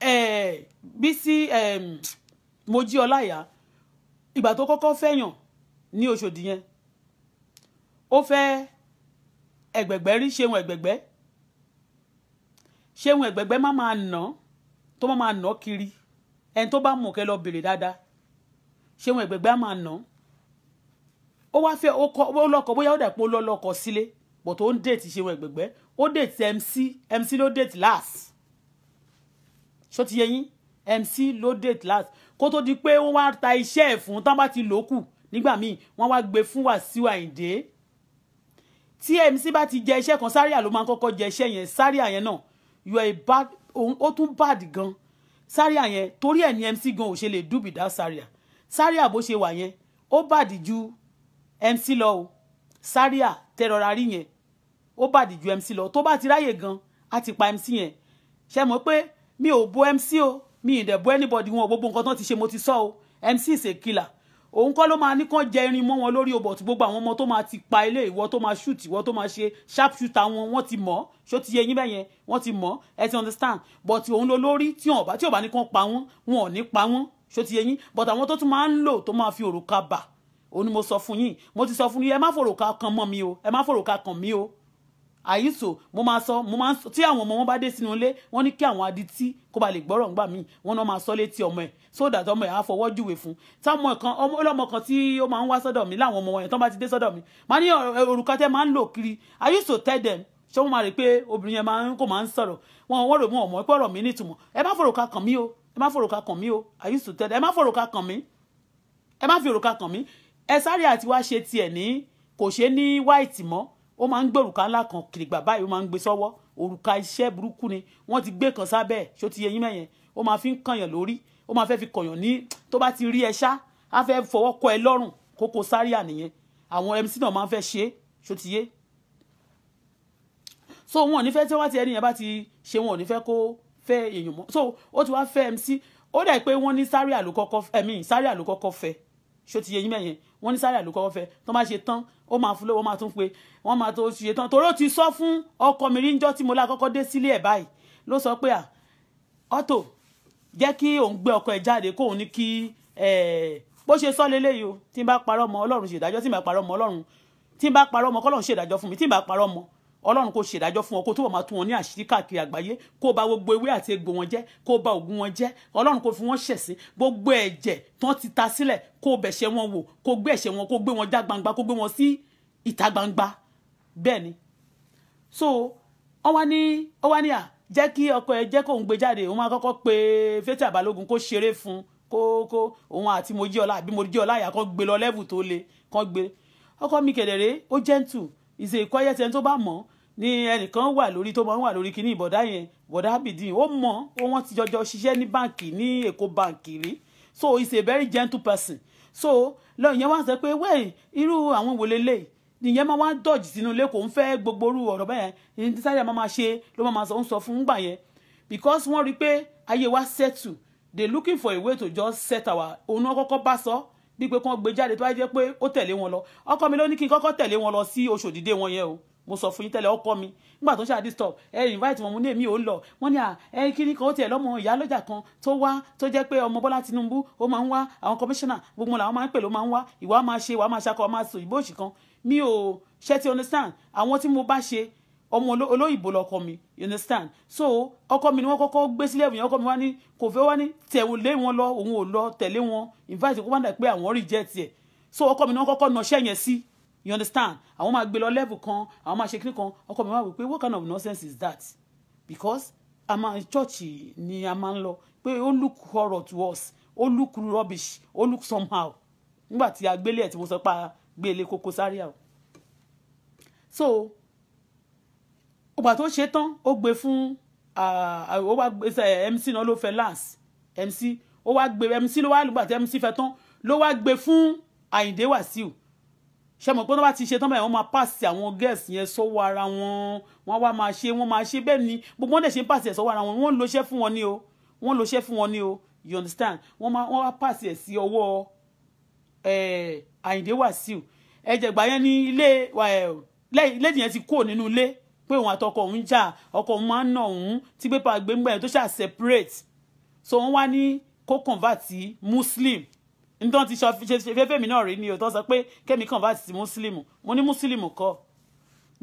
eh, Bísí eh, Mojí Ọláìyá ìgbà tó kọ́kọ́ fẹ́yàn ní Òṣòdì yẹn ó fẹ́ ẹ̀gbẹ̀gbẹ́ rí ṣeun ẹ̀gbẹ̀gbẹ́ ṣeun ẹ̀gbẹ̀gbẹ́ má máa nà tó má máa nà kiri ẹni tó bá mú kẹ́ lọ bèrè dáadáa ṣeun ẹ̀gbẹ̀gbẹ́ á máa nà ó wá fẹ́ ó kọ́ ó lọ́kọ bóyá ó dà pé ó lọ́ lọ́kọ sílé bọ̀ tó ń déètì ṣeun ẹ̀gbẹ̀gbẹ́ ó déètì MC MC ló déètì last ṣó ti yẹ mc Low date last kó tó di pé wọ́n wá ta iṣẹ́ ẹ̀ fún tán bá ti lò kù nígbà míì wọ́n wá gbé fún Wàsíù Àyìndé tí mc bá ti jẹ iṣẹ́ kan sáríà ló máa ń kọ́kọ́ jẹ iṣẹ́ yẹn sáríà yẹn náà you are a bad ó tún bad gan sáríà yẹn torí ẹ̀ ní mc gan ò ṣe lè dùbì dá sáríà sáríà bó ṣe wà yẹn ó bàdì ju mc lọ o sáríà tẹrọra rí yẹn ó bàdì ju mc lọ tó bá ti ráyè gan á ti pa mc yẹn ṣe mọ̀ pé mi ò bo MC o mi ì dẹ̀ bo anybody wọn gbogbo nǹkan tán ti ṣe mo ti sọ o MC is a killer òun kọ́ ló máa ní kán jẹ irin mọ́ wọn lórí obọ̀ tí gbogbo àwọn ọmọ tó máa ti pa ilé ìwọ tó máa shoot ìwọ tó máa ṣe sharp shooter wọn wọ́n ti mọ̀ ṣó ti yẹ yín bẹ́ẹ̀ yẹn wọ́n ti mọ̀ ẹ ti understand but òun ló lórí tí wọn bá tí ò bá ní kán pa wọn wọn ò ní pa wọn ṣó ti yẹ yín but àwọn tó tún máa ń lò tó máa fi òrùka bà òun ni mo sọ fún yín mo ti sọ fún yín ẹ má fòrùka kan mọ́ mi o ẹ má fòrùka kan mi o àyíṣò mo máa sọ mo máa tí àwọn ọmọ wọn bá dé sínú ilé wọn ní kí àwọn adití kó ba lè gbọ́rọ̀ ńgbà míì wọn náà máa sọ létí ọmọ ẹ̀ so that ọmọ ẹ̀ á fọwọ́ júwe fún táwọn kan ọmọ ọlọ́mọ kan tí ó máa ń wá sọ́dọ̀ mi láwọn ọmọ wọn yẹn tán bá ti dé sọ́dọ̀ mi máa ní òrùka tẹ́ máa ń lò kiri àyíṣò tell them ṣé wọ́n máa rí i pé obìnrin yẹn máa ń kó máa ń sọ̀rọ̀ wọn wọ́n rò mọ́ ọmọ pé ọ̀rọ̀ mi nítumọ̀ ẹ má fòròka kàn mí o ẹ má fòròka kàn mí o àyíṣò tell them ẹ má fòròka kàn mí ẹ má fi òrùka kàn mí ẹ sáré àti wá ṣe tiẹ̀ ní kò ṣe ní white mọ́ ó máa ń gbé òrùka ńlá kan kìrìgbà báyìí ó máa ń gbé sọ́wọ́ òrùka iṣẹ́ burúkú ni wọ́n ti gbé kan sábẹ́ ẹ̀ ṣó ti yẹ yín mẹ́yẹn ó máa fi ń kànyàn lórí ó máa fẹ́ fi kànyàn ní tó bá ti rí ẹ ṣá á fẹ́ fọwọ́ kọ ẹ lọ́rùn Koko Zaria nìyẹn àwọn MC náà máa ń fẹ́ ṣe é ṣó ti yé so wọn ò ní fẹ́ tí wọ́n ti ẹni yẹn bá ti ṣe wọn ò ní fẹ́ kó fẹ́ èèyàn mọ́ so ó ti wá fẹ́ MC ó dà pé wọ́n ní Zaria ló fẹ́ ṣó ti yẹ yín mẹ́yẹn wọ́n ní Sarah ló kọ́kọ́ fẹ́ tó máa ṣe tán ó máa fún lówó máa tún pé wọ́n máa tó ṣe tán torí ó ti sọ fún ọkọ mi rí níjọ́ tí mo lákọ́kọ́ dé sílé ẹ̀ báyìí ló sọ pé à Auto jẹ́ kí òun gbé ọkọ ẹ̀ jáde kóun ní kí bó ṣe sọ leléyìí o tí n bá parọ́ mọ́ Ọlọ́run ṣèdájọ́ tí n bá parọ́ mọ́ Ọlọ́run tí n bá parọ́ mọ́ kọ́lọ́run ṣèdájọ́ fún mi tí n bá parọ́ mọ́ ọlọ́run kò ṣèdájọ́ fún wọn kó tó bọ̀ máa tú wọn ní àṣírí káàkiri àgbáyé kó ba gbogbo ewé àti egbò wọn jẹ́ kó ba ògùn wọn jẹ́ ọlọ́run kò fi wọ́n ṣẹ̀sín gbogbo ẹ̀jẹ̀ tán ti ta sílẹ̀ kó bẹ̀ṣẹ̀ wọn wò kó gbé ẹ̀ṣẹ̀ wọn kó gbé wọn já gbangba kó gbé wọn sí ìta gbangba bẹ́ẹ̀ ni so wọ́n wá ní wọ́n wá ní à jẹ́ kí ọkọ ẹ jẹ́ kóun gbé jáde òun máa kọ́kọ́ pe Faith Balogun kó ṣeré fún kókó òun is a quiet ẹni tó bá mọ̀ ni ẹnìkan wà lórí tó máa ń wà lórí kíní ìbọ̀dá yẹn bọ̀dá bìdín ó mọ̀ ó wọ́n ti jọjọ ṣiṣẹ́ ní báǹkì ní èkó báǹkì rí so is a very gentle person so lọ́yìn yẹn wá sọ pé wẹ́ẹ̀ irú àwọn wòlé léyìí nìyẹn máa wá dọ̀jì sínú ilé kò ń fẹ́ gbogbo orú ọ̀rọ̀ bẹ́ẹ̀ ní tí sáré máa ṣe ló máa ń sọ fún gbà yẹn because wọ́n rí i pé ayé wa settle they looking for a way to just set our òun kọ́kọ́ bá sọ so, bíi pé kán gbé jáde tó wáá jẹ́ pé ó tẹ̀lé wọn lọ ọkọ mi ló ní kí n kọ́kọ́ tẹ̀lé wọn lọ sí Ọ̀ṣọ́dìdé wọn yẹn o mo sọ fún yín tẹ́lẹ̀ ọkọ mi nígbà tó ń ṣáà disturb ẹ invite wọn mo ní èmi ò ń lọ wọn ní à ẹ kíní kan ó tiẹ̀ lọ́mọ ìyálọ́jà kan tó wá tó jẹ́ pé ọmọ Bọ́lá Tinubu ó máa ń wá àwọn kọmíṣánná gbogbo làwọn máa ń pè ló máa ń wá ìwà máa ṣe ìwà máa ṣakọ máa sọ ìbò òṣì kan mi ò ṣe ti understand àwọn tí mo bá ṣe ọmọ olóyìnbó lọkọ mi you understand so ọkọ mi ni wọ́n kọ́kọ́ gbé sílẹ̀ yẹn ọkọ mi wá ní kò fẹ́ wá ní tẹ̀lé wọn lọ òun ò lọ tẹ̀lé wọn invite kó má dà pé àwọn reject ẹ̀ so ọkọ mi ni wọ́n kọ́kọ́ nọṣẹ́ yẹn sí you understand àwọn máa gbé lọ level kan àwọn máa ṣe kiri kan ọkọ mi wá wò pé what kind of nonsense is that because a máa church ni a máa ń lọ pé ó look horror to us ó look rubbish ó look somehow nígbà tí a gbélé ẹ̀ tí mo sọ pa gbélé Koko Zaria o so ìgbà tó ṣe tán ó gbé fún ah, ah, ó wá gbé mc náà ló fẹ́ lance mc ó wá gbé mc ló wá lùgbà tí mc fẹ́ tán ló wá gbé fún àyìndé wàsíù ṣe mọ̀ pé wọ́n bá ti ṣe tán báyìí wọ́n máa pàṣẹ àwọn guest yẹn sọ́wọ́ ara wọn wọ́n wá máa ṣe wọ́n máa ṣe bẹ́ẹ̀ ni gbogbo wọn dẹ̀ ṣe ń pàṣẹ sọ́wọ́ ara wọn wọ́n ń lo iṣẹ́ fún wọn ni o wọ́n ń lo iṣẹ́ fún wọn ni o you understand wọ́n máa wọ́n wá pàṣẹ sí ọwọ́ àyìndé wàsíù ẹ̀jẹ̀ gbà yẹn ní ilé lẹ́yìn yẹn ti kúrò nínú ilé pé òun àtọkọ òun jà ọkọ òun máa ń nà òun tí pépà gbẹngbẹ tó ṣà separate so wọ́n wá ní kó convert sí muslim nítorí ti ṣe fẹ́fẹ́ mi náà rí ni òtọ́ sọ pé kẹ́mi convert sí muslim mo ní muslim kọ́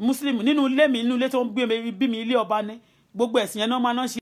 muslim nínú ilé mi nínú ilé tó ń gbé mi bí mi ilé ọba ní gbogbo ẹ̀sìn yẹn náà máa ń ṣe.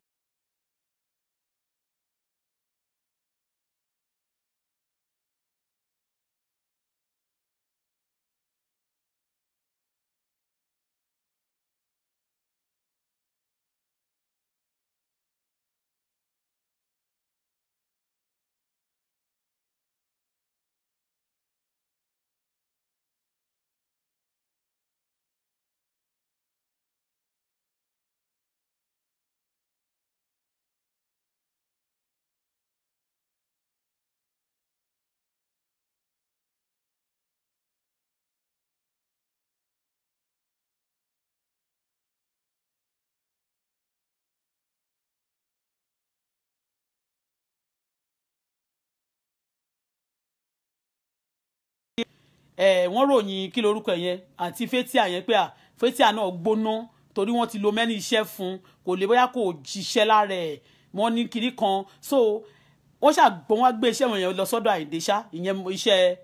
ẹ wọ́n ròyìn kí lorúkọ yẹn àti fétíà yẹn pé à fétíà náà gbóná torí wọ́n ti lo mẹ́ni iṣẹ́ fún kò lè bóyá kò jíṣẹ́ lára ẹ̀ wọ́n ní kiri kan so wọ́n ṣàgbọ́n wá gbé iṣẹ́ wọn yẹn lọ sọ́dọ̀ àìdè ṣá ìyẹn iṣẹ́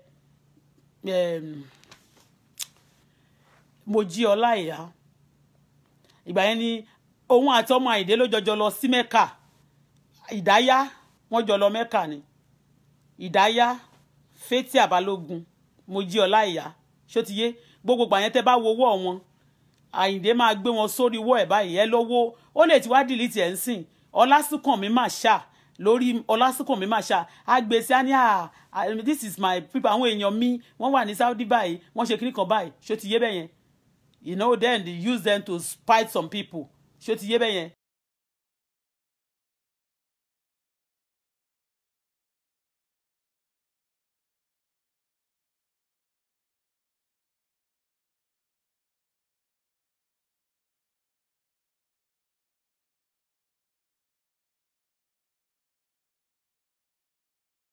mojí ọlá ìyá ìgbà yẹn ni òun àti ọmọ àìdè ló jọjọ lọ sí mẹ́ka ìdáyà wọ́n jọ lọ mẹ́ka ni ìdáyà fétí àbálógun Mojíọlá ìyá ṣó ti yé gbogbo gbà yẹn tẹ́ bá wo owó wọn àyìndé máa gbé wọn sórí wọ́ ẹ̀ báyìí ẹ lówó ó lè ti wá dìlítì ẹ̀ ń sìn ọlásùnkànmí mà ṣá lórí ọlásùnkànmí mà ṣá àgbèsí á ní à ah, ah, this is my people àwọn èèyàn mi wọ́n wà ní Saudi báyìí wọ́n ṣe kíní kan báyìí ṣó ti yé bẹ́ẹ̀ you know then they use them to spite some people ṣó ti yé bẹ́ẹ̀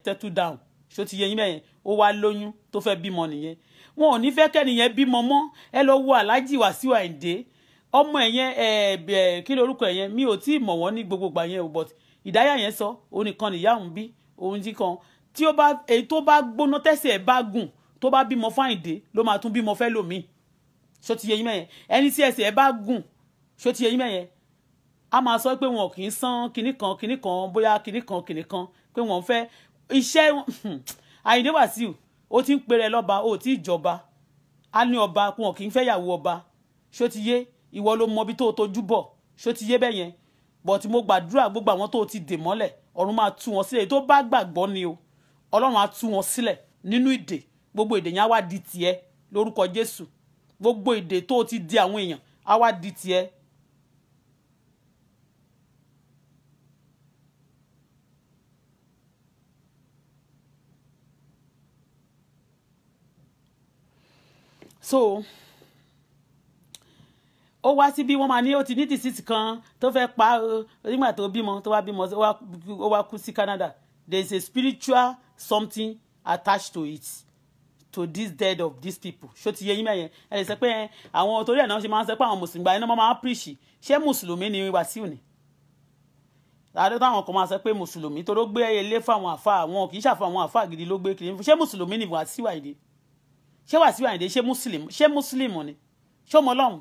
settle down ṣó ti yẹ yín bẹ́ẹ̀ yẹn ó wá lóyún tó fẹ́ bímọ nìyẹn wọn ò ní fẹ́ kẹ́nìyẹn bímọ mọ́ ẹ lọ wo aláàjì Wàsíù Àyìndé ọmọ ẹ̀ yẹn ẹ̀ ẹ̀ kí lorúkọ ẹ̀ yẹn mi ò tí ì mọ̀ wọ́n ní gbogbo gbà yẹn o but ìdáyà yẹn sọ òun nìkan nìyá òun bí òun jí kan tí ó bá èyí tó bá gbóná tẹ̀sẹ̀ ẹ̀ bá gùn tó bá bímọ fún Àyìndé ló máa tún bímọ fẹ́ lòmíì ṣó ti yẹ yín mẹ́yẹn ẹni tí ẹsẹ̀ ẹ̀ bá gùn ṣó ti yẹ yín mẹ́yẹn a máa sọ pé wọn kì í san kinní kan kinní kan bóyá kinní kan kinní kan pé wọn fẹ́ iṣẹ́ àyìndé wàsíù ó ti ń pèrè lọ́ba ó ti jọba á ní ọba wọn kì í fẹ́ yàwó ọba ṣó ti yé ìwọ ló mọ tó o tójú bọ̀ ṣó ti yé bẹ́ẹ̀ yẹn bọ̀tí mo gbàdúrà gbogbo àwọn tó o ti dè mọ́lẹ̀ ọ̀run máa tú wọn sílẹ̀ tó bá gbàgbọ́ ni o ọlọ́run á tú wọn sílẹ̀ nínú ìdè gbogbo ìdè yẹn á wá di tiẹ̀ lórúkọ jésù gbogbo ìdè tó o ti di àwọn èèyàn á wá di tiẹ̀ so ó wá síbí wọ́n máa ní ó ti ní disease kan tó fẹ́ pa nígbà tó bímọ tó wá bímọ ó wá kú sí Canada there is a spiritual something attached to it to this death of these people ṣó ti yẹ yín mẹ́yẹn ẹ lè sọ pé àwọn torí ẹ̀ náà ṣe máa ń sọ pé àwọn mùsùlùmí gba iná máa máa píríṣì ṣé mùsùlùmí ni Wàsíù ni àdó táwọn kan máa sọ pé mùsùlùmí tó ló gbé ilé fáwọn àfa àwọn kì í ṣàfà àwọn àfa gidi ló gbé kiri ṣé mùsùlùmí ni Wàsíù àìdí ṣé Wàsíù Àyìndé ṣé muslim ṣé muslim ni ṣé ọmọ ọlọ́run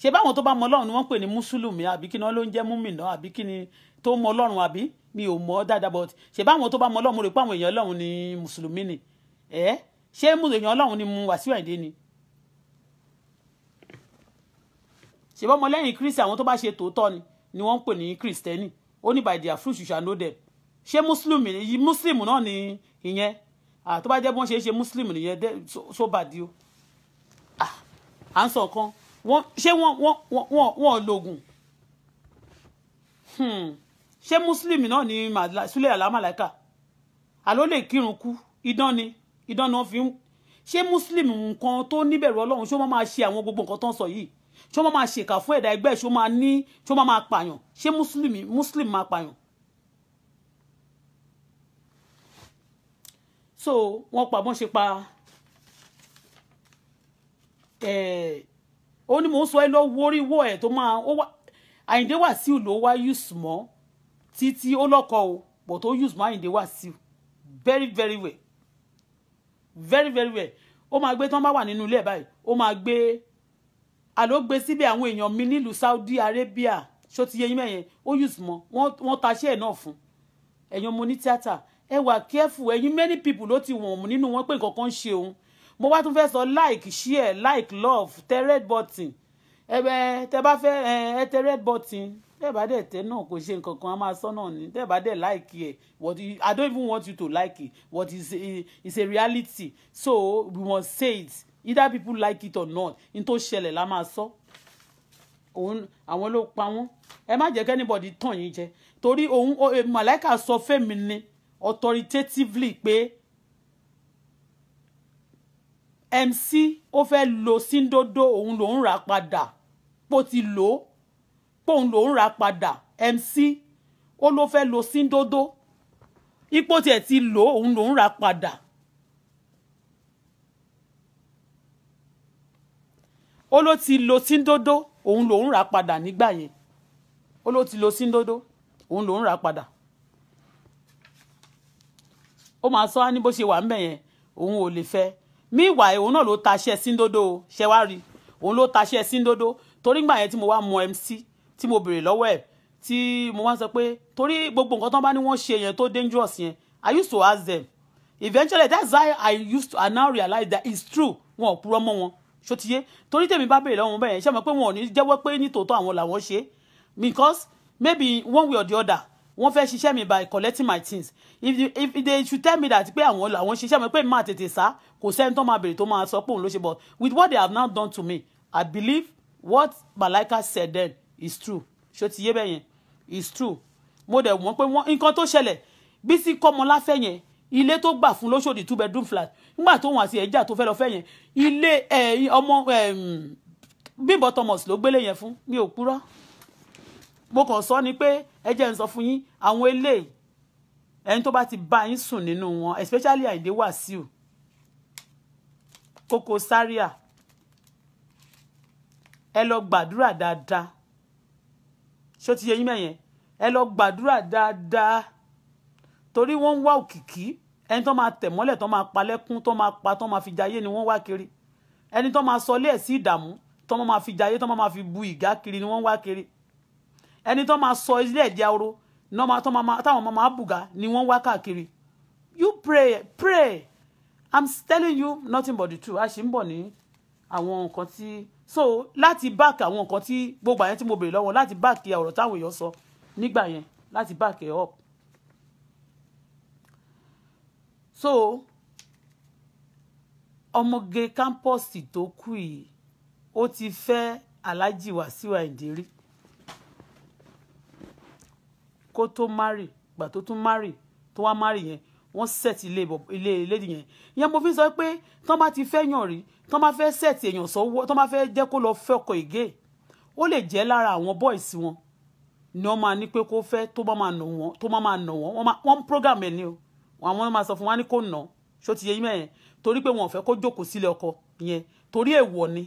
ṣé báwọn tó bá mọ ọlọ́run ni wọ́n pè ní mùsùlùmí àbí kí ni wọ́n ló ń jẹ́ múmìnà àbí kí ni tó mọ ọlọ́run àbí mi ò mọ dáadáa but ṣé báwọn tó bá mọ ọlọ́run rè pé àwọn èèyàn ọlọ́run ni mùsùlùmí ni ẹ ṣé èèyàn ọlọ́run ni mu Wàsíù Àyìndé ni. ṣé bá ọmọlẹ́yìn kristi àwọn tó bá ṣe tòótọ́ ni ni wọ́n ń pè ní kristẹni ó ní by their fruits you shall know them ṣé mùsùlùmí náà ni ìyẹn Ah, tó bá jẹ́ bí wọ́n ṣe é ṣe muslim nìyẹn so bad o ah, à ń sọ kan ṣé wọ́n lògùn hmm. ṣé muslim náà ni sulé alámàláìka àló lè kírun kú idán ni idán náà fi ń ṣé muslim nǹkan tó níbẹ̀rù ọlọ́run ṣé wọ́n máa ṣe àwọn gbogbo nǹkan tó ń sọ yìí ṣé wọ́n máa ṣèkà fún ẹ̀dá ẹgbẹ́ ṣé wọ́n máa ní ṣé wọ́n máa pààyàn ṣé muslim muslim máa pààyàn so wọ́n pa wọ́n ṣe pa ó ní mò ń sọ ẹ lọ wóríwó ẹ tó máa ó wá àyíǹde wàsíù ló wá use mọ́ títí ó lọ́kọ̀ o but ó use mọ́ àyíǹde wàsíù very very well very very well ó máa gbé tí wọ́n bá wà nínú ilé ẹ̀ báyìí ó máa gbé àló gbé síbẹ̀ àwọn èèyàn mi nílùú Saudi Arabia ṣó ti yẹ yín mẹ́yẹn ó use mọ́ wọ́n taṣẹ́ ẹ̀ náà fún ẹ̀yin ọmọ oní tíátà ẹ wà careful ẹ̀yin many people ló ti wọ̀n nínú wọn pé nǹkan kan ń ṣe òun mo wá tún fẹ́ sọ like share like love tẹ red button ẹ bẹ tẹ bá fẹ́ ẹ tẹ red button tẹ bá dẹ̀ tẹ náà kò ṣe nǹkan kan a máa sọ náà ni tẹ bá dẹ̀ like ẹ what i don't even want you to like it but it's a, it's a reality so we must say it either people like it or not n tó ṣẹlẹ̀ la máa sọ òun àwọn ló pa wọ́n ẹ má jẹ́ kẹ́nìbọ̀dì tàn yín jẹ torí òun màláìka sọ fẹ́mi ni authoritatively pé MC ó fẹ́ lo síndódó òun lòún rà padà pó ti lò ó póun lòún rà padà MC ó ló fẹ́ lo síndódó ipò tiẹ̀ ti lò ó òun lòún rà padà. ó ló ti lo síndódó òun lòún rà padà nígbà yẹn ó ló ti lo síndódó òun lòún rà padà ó máa sọ á ní bó ṣe wà ńbẹ̀ yẹn òun ò lè fẹ́ míwà òun náà ló taṣẹ́ síndodo ṣe wá rí òun ló taṣẹ́ síndodo torí ngbà yẹn tí mo wá mọ MC tí mo béèrè lọ́wọ́ ẹ̀ tí mo wá sọ pé torí gbogbo nǹkan tán bá ní wọ́n ṣe yẹn tó dangerous yẹn I used to ask them eventually that's why I used to I now realize that it's true wọn ò purọ́ mọ́ wọn ṣótiyé torí tèmi bá béèrè lọ́wọ́ bẹ́ẹ̀ ṣé mo pé wọn ò ní jẹ́wọ́ pé nítòótọ́ àwọn làwọn ṣe because maybe one way or the other wọ́n fẹ́ ṣiṣẹ́ mi by collecting my things if you if they should tell me that pé àwọn làwọn ṣiṣẹ́ mi pé mi máa tètè sá kò sẹ́ni tó máa bèrè tó máa sọ pé òun ló ṣe but with what they have now done to me I believe what Malaika said then is true ṣó ti yé bẹ́ẹ̀ yẹn is true mo dẹ̀ wọ́n pé wọ́n nǹkan tó ṣẹlẹ̀ Bísí Kọ́mọláfẹ́ yẹn ilé tó gbà fún lóṣòdì two bedroom flat nígbà tó wọn àti ẹ̀já tó fẹ́ lọ fẹ́ yẹn ilé eh, ọmọ Bímbọ́ Thomas ló gbélé yẹn fún mi ò purọ́ mo kàn sọ ni pé ẹ jẹ́ n sọ fún yín àwọn eléyìí ẹni tó bá ti bá yín sùn nínú wọn especially àìdè wàsíù kókó sáríà ẹ lọ gbàdúrà dáadáa ṣó ti yẹ yín mẹ́yẹn ẹ lọ gbàdúrà dáadáa torí wọ́n ń wá òkìkí ẹni tó máa tẹ̀ mọ́lẹ̀ tó máa pa lẹ́kún tó máa pa tó máa fi jayé ni wọ́n wá kiri ẹni tó máa sọ lé ẹ̀ sí ìdààmú tó máa fi jayé tó máa fi bu ìgá kiri ni wọ́n wá kiri ẹni tó máa sọ ilé ẹ̀dí ahoro táwọn ọmọ máa bùgà ni wọ́n wá káàkiri you pray pray i'm telling you nothing but the truth a sì ń bọ̀ ní àwọn nǹkan tí so láti báàkì àwọn nǹkan tí gbogbo àyẹn tí mo béèrè lọ́wọ́ láti báàkì ọ̀rọ̀ táwọn èèyàn sọ nígbà yẹn láti báàkì ẹ̀ up so ọmọge kámpọ́ọ̀sì tó kù yìí ó ti fẹ́ aláàjì Wàsíù Àyìndé kó tó marry gbà tó tún marry tó wá marry yẹn wọ́n set ilé ilé lady yẹn ìyẹn mo fi sọ pé tán bá ti fẹ́ yàn rí tán bá fẹ́ set èèyàn sọ́wọ́ tán bá fẹ́ jẹ́ kó lọ fẹ́ ọkọ ìgé ó lè jẹ́ lára àwọn boys wọn ni wọ́n máa ní pé kó fẹ́ tó bá máa nà wọ́n tó bá máa nà wọ́n wọ́n ń program ẹ̀ ni o àwọn máa sọ fún wa ní kó nà ṣó ti yẹ yín mẹ́yẹn torí pé wọn ò fẹ́ kó jókòó sílé ọkọ yẹn torí èèwọ̀ ni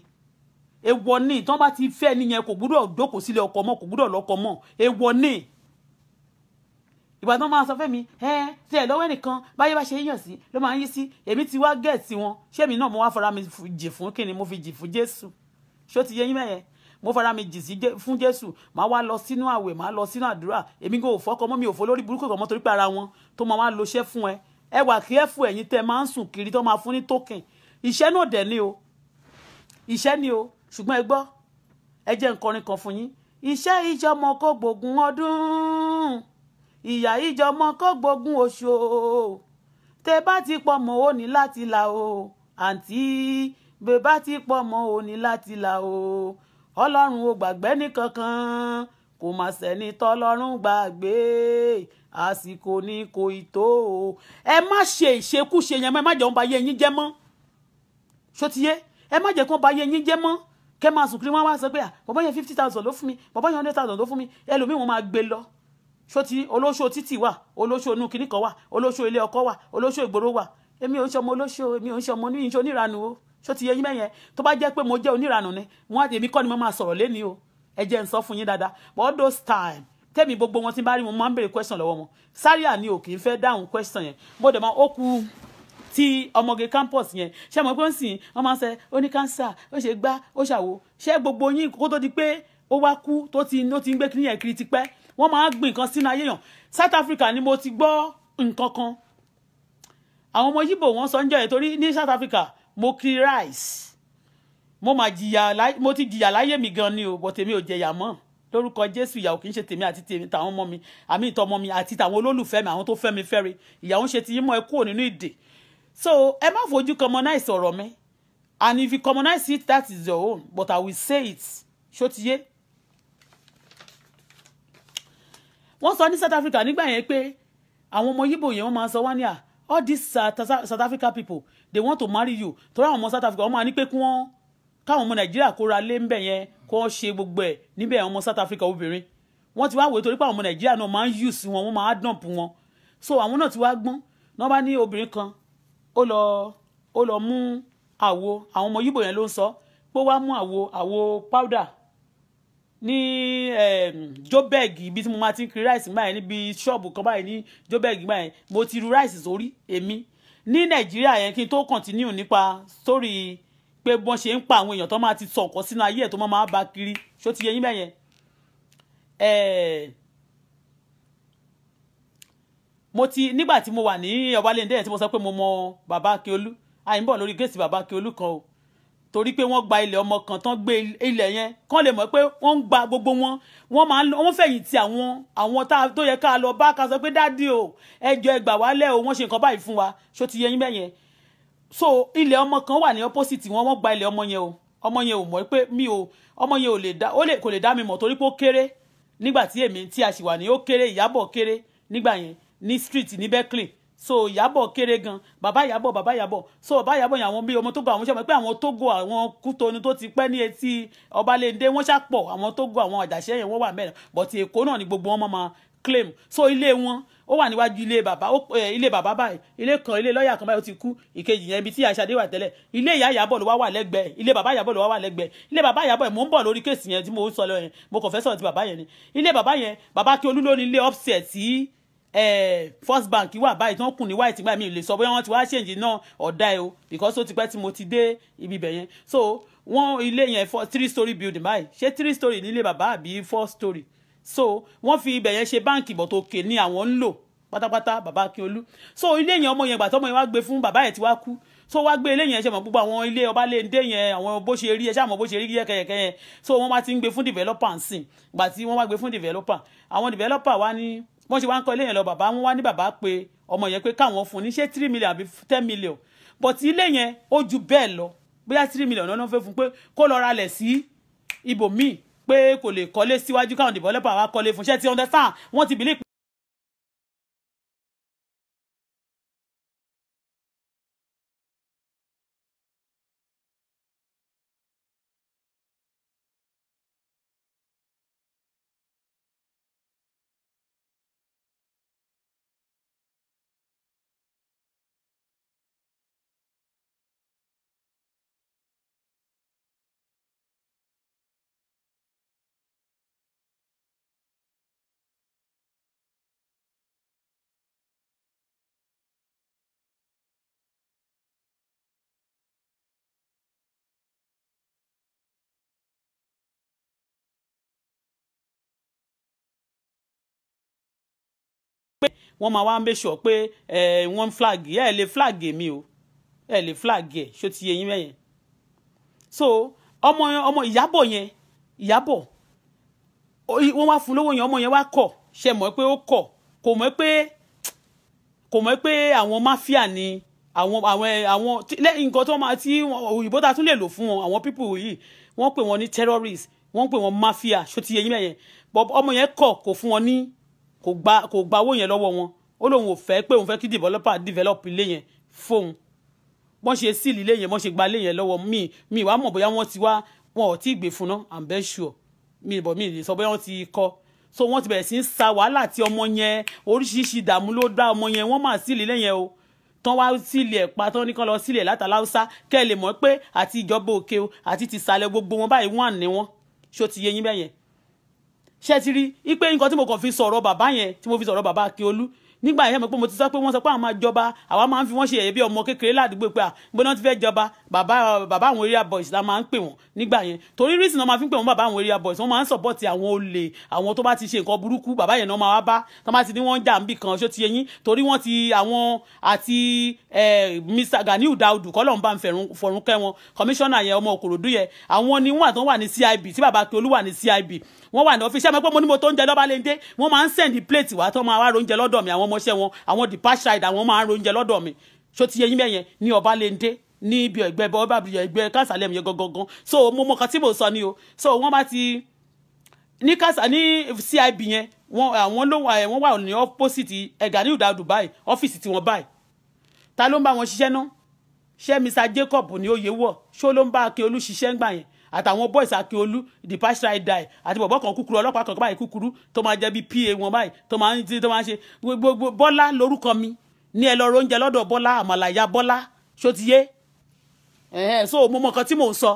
èèwọ̀ ni tán bá ti fẹ́ nìyẹn kò gbúdọ̀ jókòó sílé ọkọ mọ́ kò gbúdọ̀ lọ́kọ mọ́ èèwọ̀ ni ìbàdàn máa sọ fẹ́mi ẹ tí ẹ lọ́wọ́ ẹnìkan báyé bá ṣe yíyàn sí ló máa ń yí sí èmi ti wá gẹ̀ẹ́tì wọn ṣé èmi náà mo wá fara mi jì fún kíni mo fi jì fún jésù ṣó ti yé yín mẹ́yẹn mo fara mi jì sí fún jésù máa wá lọ sínú àwẹ̀ máa lọ sínú àdúrà èmi kò fọ́kọ mọ́ mi ò fọ́ lórí burúkú kan mọ́ torí pé ara wọn tó máa wá lo iṣẹ́ fún ẹ ẹ wà kí ẹ fún ẹ̀yin tẹ́ máa ń sùn kiri tó máa fún ní token iṣẹ́ náà dẹ̀ ni o iṣẹ́ ni o ṣùgbọ́n ẹ gbọ́ ẹ jẹ́ nǹkan kan fún yín iṣẹ́ ìjọmọ kò gbógun ọdún ìyá ìjọmọ kó gbógun oṣù o tẹ bá ti pọ̀ mọ́ ò ní láti là o àǹtí bẹ́ẹ̀ bá ti pọ̀ mọ́ ò ní láti là o ọlọ́run ò gbàgbé nìkankan kò mà sẹ́ni tọ́lọ́run gbàgbé àsìkò ni kò ì tó o ẹ má ṣe ìṣekúṣe yẹn ẹ má jẹun bá yé yín jẹ mọ́ ṣótiyé ẹ má jẹ́ kó bá yé yín jẹ́ mọ́ kẹ́ máa sùn kiri wọ́n wá sọ pé bàbá yẹn fifty thousand ló fún mi bàbá yẹn hundred thousand ló fún mi ẹlòmíì wọ́n máa gbé lọ ṣó olóṣó títì wà olóṣó inú kìnnìkan wà olóṣó ilé ọkọ wà olóṣó ìgboro wà èmi ò ń ṣọmọ olóṣó èmi ò ń ṣọmọ oníyìnṣẹ oníranù o ṣó ti mẹyẹ tó bá jẹ́ pé mo jẹ́ oníranù ni wọn àti èmi kọ́ ni mo máa sọ̀rọ̀ lẹ́ni o ẹ jẹ́ sọ fún yín dáadáa but those time tẹ́mi gbogbo wọn ti bá rí mo máa ń béèrè question lọ́wọ́ wọn sáríà ni ò kì í fẹ́ dáhùn question yẹn bó dẹ̀ máa ó ku ti ọmọge campus yẹn ṣé mo pé ń sìn wọn máa ń sẹ ó ní cancer ó ṣe gbá ó ṣàwo ṣé gbogbo yín kó tó di pé ó wá kú tó ti ń gbé kíní yẹn kiri tipẹ́ wọ́n máa ń gbin nǹkan sínú ayé yàn South Africa ni mo ti gbọ́ nǹkan kan àwọn ọmọ yíbò wọ́n sọ ń jẹ́ torí ní South Africa mo kiri rice mo mà jìyà mo ti jìyà láyé mi gan ni o bọ̀ tèmi ò jẹyà mọ́ lórúkọ jésù ìyàwó kì í ṣe tèmi àti tèmi tàwọn ọmọ mi àmì ìtọ́mọ mi àti tàwọn olólùfẹ́ mi àwọn tó fẹ́ mi fẹ́re ìyàwó ń ṣe ti yín mọ́ ẹ kúrò nínú ìdè so ẹ má fojú commonize ọ̀rọ̀ mi and if you commonize it that is your own but i will say it ṣó ti yé wọ́n sọ ní South Africa nígbà yẹn pé àwọn ọmọ yíbò yẹn wọ́n máa sọ wá ní à ah, all these uh, South Africa people they want to marry you torí àwọn ọmọ South Africa wọ́n máa ní pé kí wọ́n káwọn ọmọ Nàìjíríà kóra lé ńbẹ̀ yẹn kó wọ́n ṣe gbogbo ẹ̀ níbẹ̀ àwọn ọmọ South Africa obìnrin wọ́n ti wá wòye torí pé àwọn ọmọ Nàìjíríà náà máa ń use wọn wọ́n máa dump wọn so àwọn náà ti wá gbọ́n náà bá ní obìnrin kan ó lọ ó lọ mú àwo àwọn ọmọ yíbò yẹn ló ń sọ pé ó wá mú àwo àwo powder ní ehm, Joburg ibi tí mo máa ti ń kiri ráìsì gbà yẹn níbi ṣọ́ọ̀bù kan báyìí ní Joburg gbà yẹn mo ti ru ráìsì sórí èmi ní Nàìjíríà yẹn kí n tó kọ̀ntínú nípa sórí pé bọ́n ṣe ń pa àwọn èèyàn tó máa ti sọ̀kọ́ sínú ayé ẹ̀ tó máa bá kiri ṣó ti yẹ yín bẹ́yẹn eh, mo ti nígbà tí mo wà ní Ọbalẹ́ndé tí mo sọ pé mo mọ bàbá Akíolú àyìnbó lórí géètì bàbá Akíolú kan o torí pé wọ́n gba ilẹ̀ ọmọ kan tán gbé ilẹ̀ yẹn kán lè mọ̀ pé wọ́n ń gba gbogbo wọn wọ́n máa ń wọ́n fẹ̀yìntì àwọn àwọn tá tó yẹ ká lọ bá ká sọ pé dáàdì o ẹjọ́ ẹgbà wálẹ̀ o wọ́n ṣe nǹkan báyìí fún wa ṣó ti yẹ yín bẹ́yẹn so ilẹ̀ ọmọ kan wà ní opposite wọn wọ́n gba ilẹ̀ ọmọ yẹn o ọmọ yẹn ò mọ̀ pé mi ò ọmọ yẹn ò lè dá ó lè kò lè dá mi mọ̀ torí pé ó kéré nígbà tí èmi tí a sì wà ní ó kéré Ìyábọ̀ kéré nígbà yẹn ní street ní Berkeley so yabo kéré gan bàbá ìyàbọ̀ bàbá ìyàbọ̀ so bàbá yabo yẹn àwọn bíi ọmọ Tógò àwọn sọmọ pé àwọn Tógò àwọn Kútọ̀nù tó ti pẹ́ ní etí Ọbalẹ́ndé wọ́n ṣàpọ̀ àwọn Tógò àwọn àjàṣe yẹn wọ́n wà mẹ́rin bọ̀tì Èkó náà ni gbogbo wọn máa claim so ilé wọn ó wà níwájú ilé bàbá ilé bàbá báyìí ilé kan ilé lọ́ọ̀yà kan báyìí ó ti kú ìkejì yẹn ibi tí àṣàdé wà tẹ́lẹ̀ ilé ìyá ìyàbọ̀ ló wá wà lẹ́gbẹ̀ẹ́ ilé bàbá ìyàbọ̀ ló wá wà lẹ́gbẹ̀ẹ́ ilé bàbá ìyàbọ̀ mò ń bọ̀ lórí kéèsì yẹn tí mo ń sọ lọ yẹn mo kàn fẹ́ sọ̀rọ̀ ti bàbá yẹn ni ilé bàbá yẹn bàbá kí olú ló ní ilé upset yìí first bank wà báyìí tí wọ́n kùn ní white gbà mí lè sọ bóyá wọ́n ti wá ṣèǹjì náà ọ̀dà ẹ̀ o because ó ti pẹ́ tí mo ti dé ibi ibẹ̀ yẹn so wọ́n ilé yẹn for three story building báyìí ṣé three story nílé bàbá àbí four story so wọ́n fi ibẹ̀ yẹn ṣe báǹkì bọ̀ tó kè ní àwọn ń lò pátápátá bàbá akínolú so ilé yẹn ọmọ yẹn gbà tọmọ yẹn wá gbé fún bàbá yẹn ti wá kú so wá gbé ilé yẹn ṣe mọ gbogbo àwọn ilé ọba lè dé yẹn àwọn bó ṣe rí ẹ ṣáà mọ bó ṣe rí yẹkẹyẹkẹ so wọn wá ti ń gbé fún developer nsìn gbà tí wọn wá gbé fún developer àwọn developer wá ní wọ́n ṣe wá ń kọ́ ilé yẹn lọ bàbá wọn wá ní bàbá pé ọmọ yẹn pé káwọn fún ní ṣé three million àbí ten million but ilé yẹn ó ju bẹ́ẹ̀ lọ bóyá three million náà fẹ́ fún pé kó lọ ralẹ̀ sí ibòmíì pé kò lè kọ́lé síwájú káwọn developer wá kọ́lé fún ṣé ti understand wọ́n ti believe wọ́n máa wá ń bẹ́sọ̀ pé ẹ wọ́n flag ẹ lè flag mi o ẹ lè flag ẹ ṣó ti yẹ yín mẹ́yẹn so ọmọ ọmọ ìyábọ̀ yẹn ìyábọ̀ wọ́n wá fún lówó yẹn ọmọ yẹn wá kọ̀ ṣe mọ̀ pé ó kọ̀ kò mọ̀ pé kò mọ̀ pé àwọn máfíà ni àwọn àwọn àwọn nǹkan tó máa tí òyìnbó ta tún lè lò fún wọn àwọn pípù yìí wọ́n pè wọ́n ní terrorist wọ́n pè wọ́n máfíà ṣó ti yẹ yín mẹ́yẹn ọmọ yẹn kọ̀ kò fún wọn ní kò gba kò gba owó yẹn lọ́wọ́ wọn ó lóun ò fẹ́ pé òun fẹ́ kí developer develop ilé yẹn fóun bọ́n ṣe síìlì ilé yẹn bọ́n ṣe gba ilé yẹn lọ́wọ́ mi mi wàá mọ̀ bóyá wọ́n ti wá wọn ò tí ì gbé fún ná i'm very sure mi ìbọn mi ìlè sọ bóyá wọ́n ti kọ́ so wọ́n ti bẹ̀rẹ̀ sí í sa wàhálà tí ọmọ yẹn oríṣiríṣi ìdààmú ló dá ọmọ yẹn wọ́n mà síìlì ilé yẹn o tán wá sílé ẹ̀ pa tán nìkan lọ sílé ẹ̀ látàláwùsá kẹ́ ẹ lè mọ̀ pé àti ìjọba òkè o àti tìsàlẹ̀ gbogbo wọn báyìí wọ́n à ní wọn ṣó ti yé yín bẹ́yẹn ṣe ti rí i pé nǹkan tí mo kàn fi sọ̀rọ̀ bàbá yẹn tí mo fi sọ̀rọ̀ bàbá Akíolú nígbà yẹn mo pé mo ti sọ pé wọ́n sọ pé àwọn máa jọba àwa máa ń fi wọ́n ṣe ẹ̀yẹ bí ọmọ kékeré ládùúgbò pé gbóná ti fẹ́ jọba bàbá bàbá àwọn area boys la máa ń pè wọ́n nígbà yẹn torí reason náà máa fi ń pè wọ́n bàbá àwọn area boys wọ́n máa ń support àwọn olè àwọn tó bá ti ṣe nǹkan burúkú bàbá yẹn náà máa wá bá tó bá ti ní wọ́n ń jà níbì kan ṣó ti yẹn torí wọ́n ti àwọn àti Mr Ganiu Daudu kọ́lọ̀ ń bá ni wọ́n àtọ́ CIB tí bàbá Akíolú wà ní CIB wọ́n wà ní ọ́fíìsì àmọ́ pé mo ní mo tó ń jẹ lọ́ba léńdé wọ́n máa ń send plate wá tó máa wá roúnjẹ lọ́dọ̀ mi àwọn ọmọọṣẹ́ wọn àwọn department àwọn máa ń roúnjẹ lọ́dọ̀ mi ṣó ti yẹ yín bẹ́yẹn ní ọba léńdé ní ibi ẹgbẹ́ ọba ẹgbẹ́ kásálẹ̀mù yẹn gangan so mo mọ̀ kan tí mo sọ ni o so wọ́n bá ti ní kásá ní CIB yẹn àwọn ló wà wọ́n wà ní opposite ẹ̀gàníyù dá Dubai ọ́fíìsì tiwọn báyìí ta ló ń bá wọn ṣiṣẹ́ náà ṣé Mr Jacob ní oyè wọ̀ ṣó ló ń bá Akínolú ṣiṣẹ́ ńgbà yẹn àtàwọn boys akínolú the past die àti bọ̀bọ̀ kan kúkúrú ọlọ́pàá kan báyìí kúkúrú tó máa jẹ́ bí pa wọn báyìí tó máa ń tó máa ń ṣe gbogbo bọ́lá lórúkọ mi ní ẹ lọ oúnjẹ lọ́dọ̀ bọ́lá àmàlàyà bọ́lá ṣó ti yé ẹ̀hẹ́n so mo mọ nǹkan tí mò ń sọ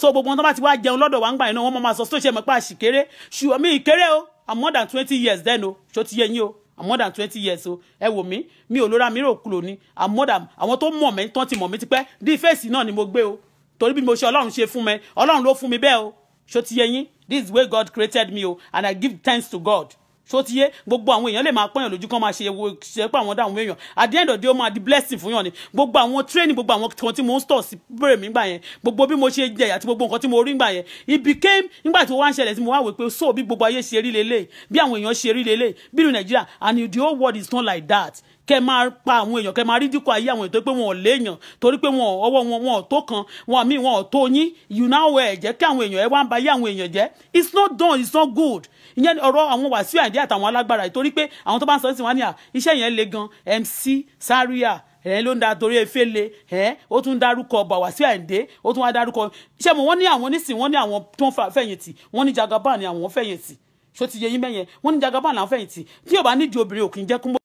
so gbogbo wọn tó bá ti wá jẹun lọ́dọ̀ wa ń gbà yẹn náà wọ́n máa sọ sóṣe mọ́ pé àṣìkéré ṣùgbọ́n mi ìkéré o i'm more than twenty years then o ṣó ti yé yín o i'm more than twenty years o ẹ wò mí mi ò lóra mi rò kúrò ni i'm more than àwọn tó mọ̀ mí tán ti mọ̀ mí tipẹ́ di fèsì náà ni mo gbé o torí bí mo ṣe ọlọ́run ṣe fún mi ọlọ́run ló fún mi bẹ́ẹ̀ o ṣó ti yé yín this is where God created me o and I give thanks to God ṣó ti yé gbogbo àwọn èèyàn lè máa pọ́nyàn lójú kan máa ṣe ewu ṣe pé àwọn dáhùn èèyàn at the end of the day ó máa di blessing fún yàn ni gbogbo àwọn training gbogbo àwọn kan tí mo ń stọ̀ sí bèrè mi gbà yẹn gbogbo bí mo ṣe jẹ àti gbogbo nǹkan tí mo rí gbà yẹn it became nígbà tí ó wá ń ṣẹlẹ̀ tí mo wá wò pé so bí gbogbo ayé ṣe rí lélẹ̀ bí àwọn èèyàn ṣe rí lélẹ̀ bí Nàìjíríà and the whole world is not like that kẹ máa pa àwọn èèyàn kẹ máa rí dínkù ayé àwọn èèyàn tó pé wọn ò léèyàn torí pé wọn ọwọ́ wọn wọn ò tó kan wọn àmì wọn ò tó yín you now ẹ̀ jẹ́ kí àwọn èèyàn ẹ wá ń ba ayé àwọn èèyàn jẹ́ it's not done it's not good ìyẹn ọ̀rọ̀ àwọn wàsíù àìdí àtàwọn alágbára ìtorí pé àwọn tó bá ń sọ sí wọn ni à iṣẹ́ yẹn le gan MC Zaria ẹ ló ń da torí efe le ẹ ó tún dárúkọ bàwàsí àìndé ó tún wá dárúkọ ṣé mo wọ́n ní àwọn nísìn wọ́n ní àwọn tó ń fẹ̀yìntì wọ́n ní jagaban ni àwọn fẹ̀yìntì ṣó ti yẹ yín mẹyẹn wọ́n ní jagaban làwọn fẹ̀yìntì tí yóò bá nídìí obìnrin òkè ń jẹ kúmọ.